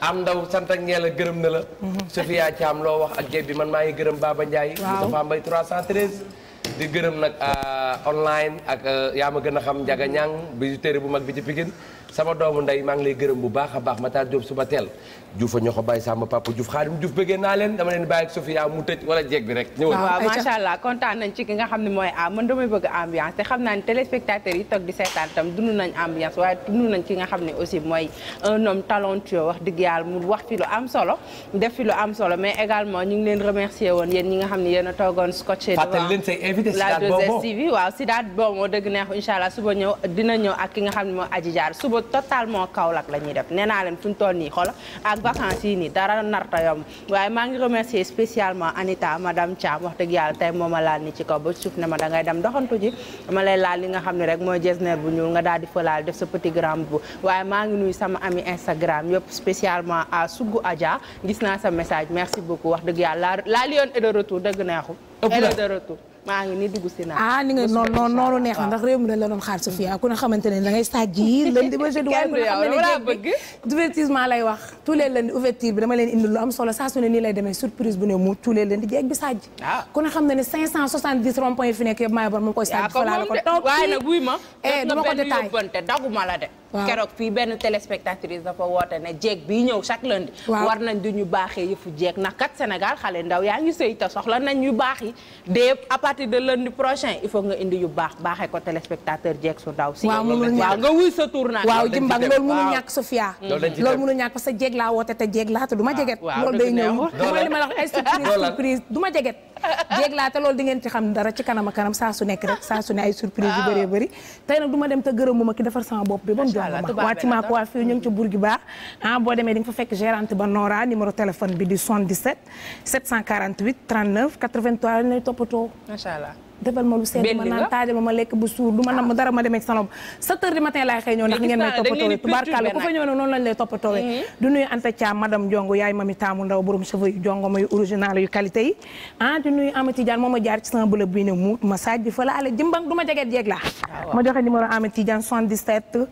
am ndaw sant ak ñeel gërëm na la. ci mhm. am loo wax ak géej bi man maa ngi gërëm Baba Ndiaye. waaw Moustapha Mbaye 313. di gërëm nag euh, online ak euh, ya ma gën a xam Ndiaga Niang bu mag bi ci sama doomu ndey maa ngi lay gërëm bu baax a baax Matar Diop suba teel Diouf a ñoo ko bàyyi sama papa Diouf xaarim Diouf bëggee naa leen dama xam ne mooy ambiance te xam naa ne téléspectateurs yi toog di seetaan tam dund nañ ambiance waaye dund nañ ki nga xam ne aussi mooy un homme talentueux wax dëgg yàlla mu wax fi lu am solo def fi lu am solo mais également ñu ngi leen ñi nga xam ne yéen a toogoon scotché la 2STV waaw si daat boobu dëgg neex incha allah suba ñëw dina ñëw ak ki nga xam ne mooy aji niveau totalement Kaolack la ñuy def nee naa leen fu ñu toll nii xoola ak vacances yi nii dara narta yomb waaye maa ngi remercier spécialement ma madame Thiam wax dëgg yàlla tay moo ma laal ni ci kaw ba suuf ne ma da ngay dem doxantu ji ma lay laal li nga xam ne rek mooy jesner bu ñuul nga daal di fa laal def sa petit gramme bu waaye maa ngi nuyu sama ami Instagram yëpp spécialement à Sougou Adja gis naa sa message merci beaucoup wax dëgg yàlla la lionne est de retour maa ngi ni dugg si ah ni nga noonu noonu neex na ndax réew la doon xaar Sofia ah, ku ne xamante ne dangay sàjj yi lundi ba jeudi waaye ku ne xam ne bëgg divertissement lay wax tous les lundi ouverture bi dama leen indi lu am solo saa su ne nii lay demee surprise bu ne mu tous les lundi jeeg bi sàjj ah. ku ne xam ne ne 570 rond point yi fi nekk yëpp maa ngi bon moom koy sàjj ah, fa la ko toog waaye nag buy ma eh, dama keroog fii benn téléspectatrice dafa woote ne jeeg bii ñëw chaque lundi war nañ du ñu baaxee yëfu jeeg ndax kat Sénégal xale ndaw yaa ngi sëy te soxla nañ ñu baax yi dès à partir de lundi prochain il faut nga indi yu baax baaxee ko téléspectateur jeeg su ndaw si waaw nga wuy sa tour nag waaw jimbang loolu mënu ñàkk Sofia loolu lool ñàkk parce que jeeg laa woote te jeeg laa te du ma jeget loolu day ñëw mooy li ma la wax surprise surprise du ma jeget jéeg laa te loolu di ngeen ci xam dara ci kanam a kanam saa su nekk rek saa su ne ay surprise yu bëree bëri tey nag du dem te gërëmu ma ki defar sama bopp bi ba mu jox ma waa Tima ko waa fii ñu ngi ci Bourgui baax ah boo demee di fa fekk gérante ba Nora numéro téléphone bi di 77 748 39 83 lañ lay toppatoo macha allah defal ma lu sedd ma naan taaja ma ma lekk ba suur du ma ah. dara ma demee ci salon sept heures du matin laay xëy ñëw ndax ngeen may toppatoowe tubaarkàlla mhm. du nuyu Anta Thiam madame Diongo ah, jaar ci sama bëlëb bi ne muut massage bi fa la ale jëmbang du ma jegeet jeeg la ah, ma joxe numéro Amati Diane 77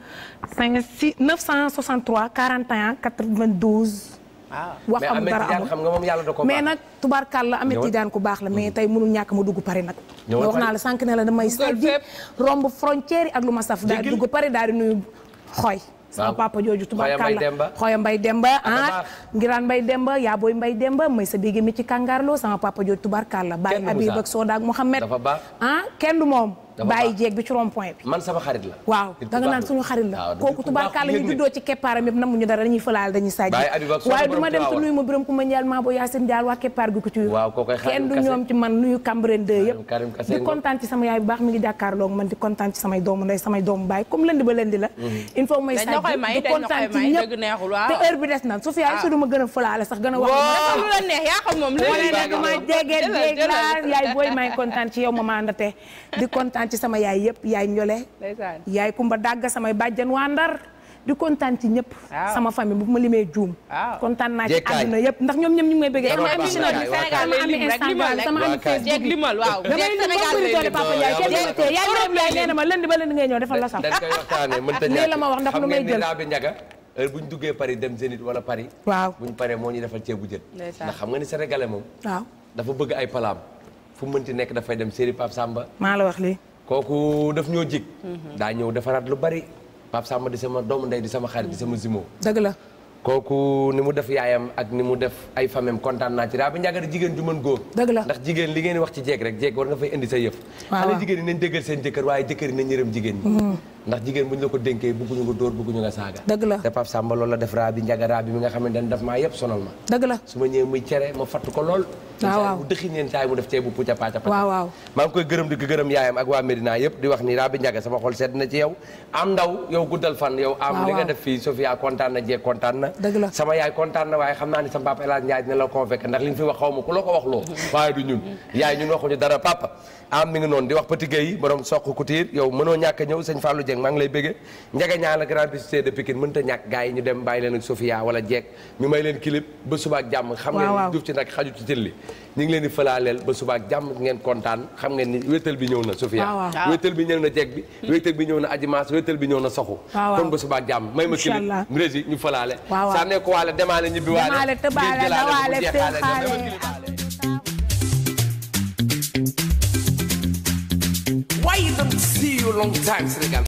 5 963 41 92 Ah. wax am dara amul mais nag tubaarkàlla Ahmed Tidiane ku baax la mais mm-hmm. tey mënul ñàkk ma dugg Paris nag wax naa la sànq ne la damay sajji romb frontière yi ak lu ma saf daal di dugg Paris daal di nuy xooy ah, sama papa jooju tubaarkàlla xooya mbay demba ah ngiraan mbay demba yaa booy mbay demba may sa bégé mi ci kàngaarloo sama papa jooju tubaarkàlla bàyyi Habib ak Soda ak Mohamed ah kenn du moom bàyyi jeeg bi ci point bi waaw da naan suñu xarit la kooku tubaarkàlla ñu juddoo ci keppaaram yëpp namuñu dara dañuy falaal dañuy sàjj waaye du dem te nuyu ma biram ku ma njaal di kontaan ci ñëpp te heure bi des ah. a a nag ma jege yaay booy maay kontaan ci yow ma mandate di kontaan ci sama yaay yëpp yaay ñole yaay kumba dàgga samay bàjjan waa ndar di kontaan ci ñëpp sama famille bu ma limee juum kontaan naa ci àdduna yëpp ndax ñoom ñëm ñu ngi may bëggee sama ami Sénégal sama ami Instagram sama ami Facebook limal waaw damay lim ba bëri ma tee yaay ñoom yaay na ma lënd ba ngay ñëw defal la sax la ma wax ndax lu may jël heure bu ñu duggee Paris dem Zénith wala Paris waaw bu ñu paree moo ñu defal ceebu jën ndax xam nga ni sénégalais moom waaw dafa bëgg ay palaam fu mënti nekk dafay dem série Pape sàmba maa la wax lii kooku daf ñoo jig daa ñëw defaraat lu bari Pape Samba di sama doomu ndey di sama xarit di sama simoo dëgg la kooku ni mu def yaayam ak ni mu def ay famem kontaan naa ci daa ba njàngat jigéen ju mën góor dëgg la ndax jigéen li ngeen wax ci jeeg rek jeeg war nga fay indi sa yëf xale jigéen yi nañ seen jëkkër waaye jëkkër nañ yërëm jigéen ñi mm. ndax jigéen bu ñu la ko dénkee bëgguñu nga dóor bëgguñu nga saaga dëgg la te raa bi njaga raa bi mi nga xam ne dañ maa yëpp sonal ma dëgg la su ma ñëwee ah, mu def ceebu pucca paaca paaca sama xol sedd na ci yow am ndaw yow guddal fan yow am ah, li nga def fii Sofia kontaan na jee kontaan na dagg la sama yaay kontaan na waaye xam naa ni sama papa El Hadj Ndiaye dina la convaincre ndax li nga fi wax xaw ma ku la ko wax loo waaye du ñun yaay ñun waxuñu dara papa am mi ngi noonu di wax Petit Gueye borom soq Couture yow mënoo ñàkk a ñëw sëñ Fallou Dieng maa ngi lay bëgge njaga ñaa la grand publicité de Pikine mënta ñàkk gars yi ñu dem bàyyi leen ak Sofia wala jeeg ñu may leen clip ba subaak jàmm xam ngeen duuf ci nag xaju ci tilli ñu di falaaleel ba subaak jàmm ngeen kontaan xam ngeen ni wéetal bi ñëw na Sofia wéetal bi ñëw na jeeg bi mm. wéetal bi ñëw na Adji Mass wéetal bi ñëw na soxu kon ba subaak jàmm may ma clip régi ñu falaale saa ne ko waale demaale ñibbi waale I ain't see you long time, Senegal.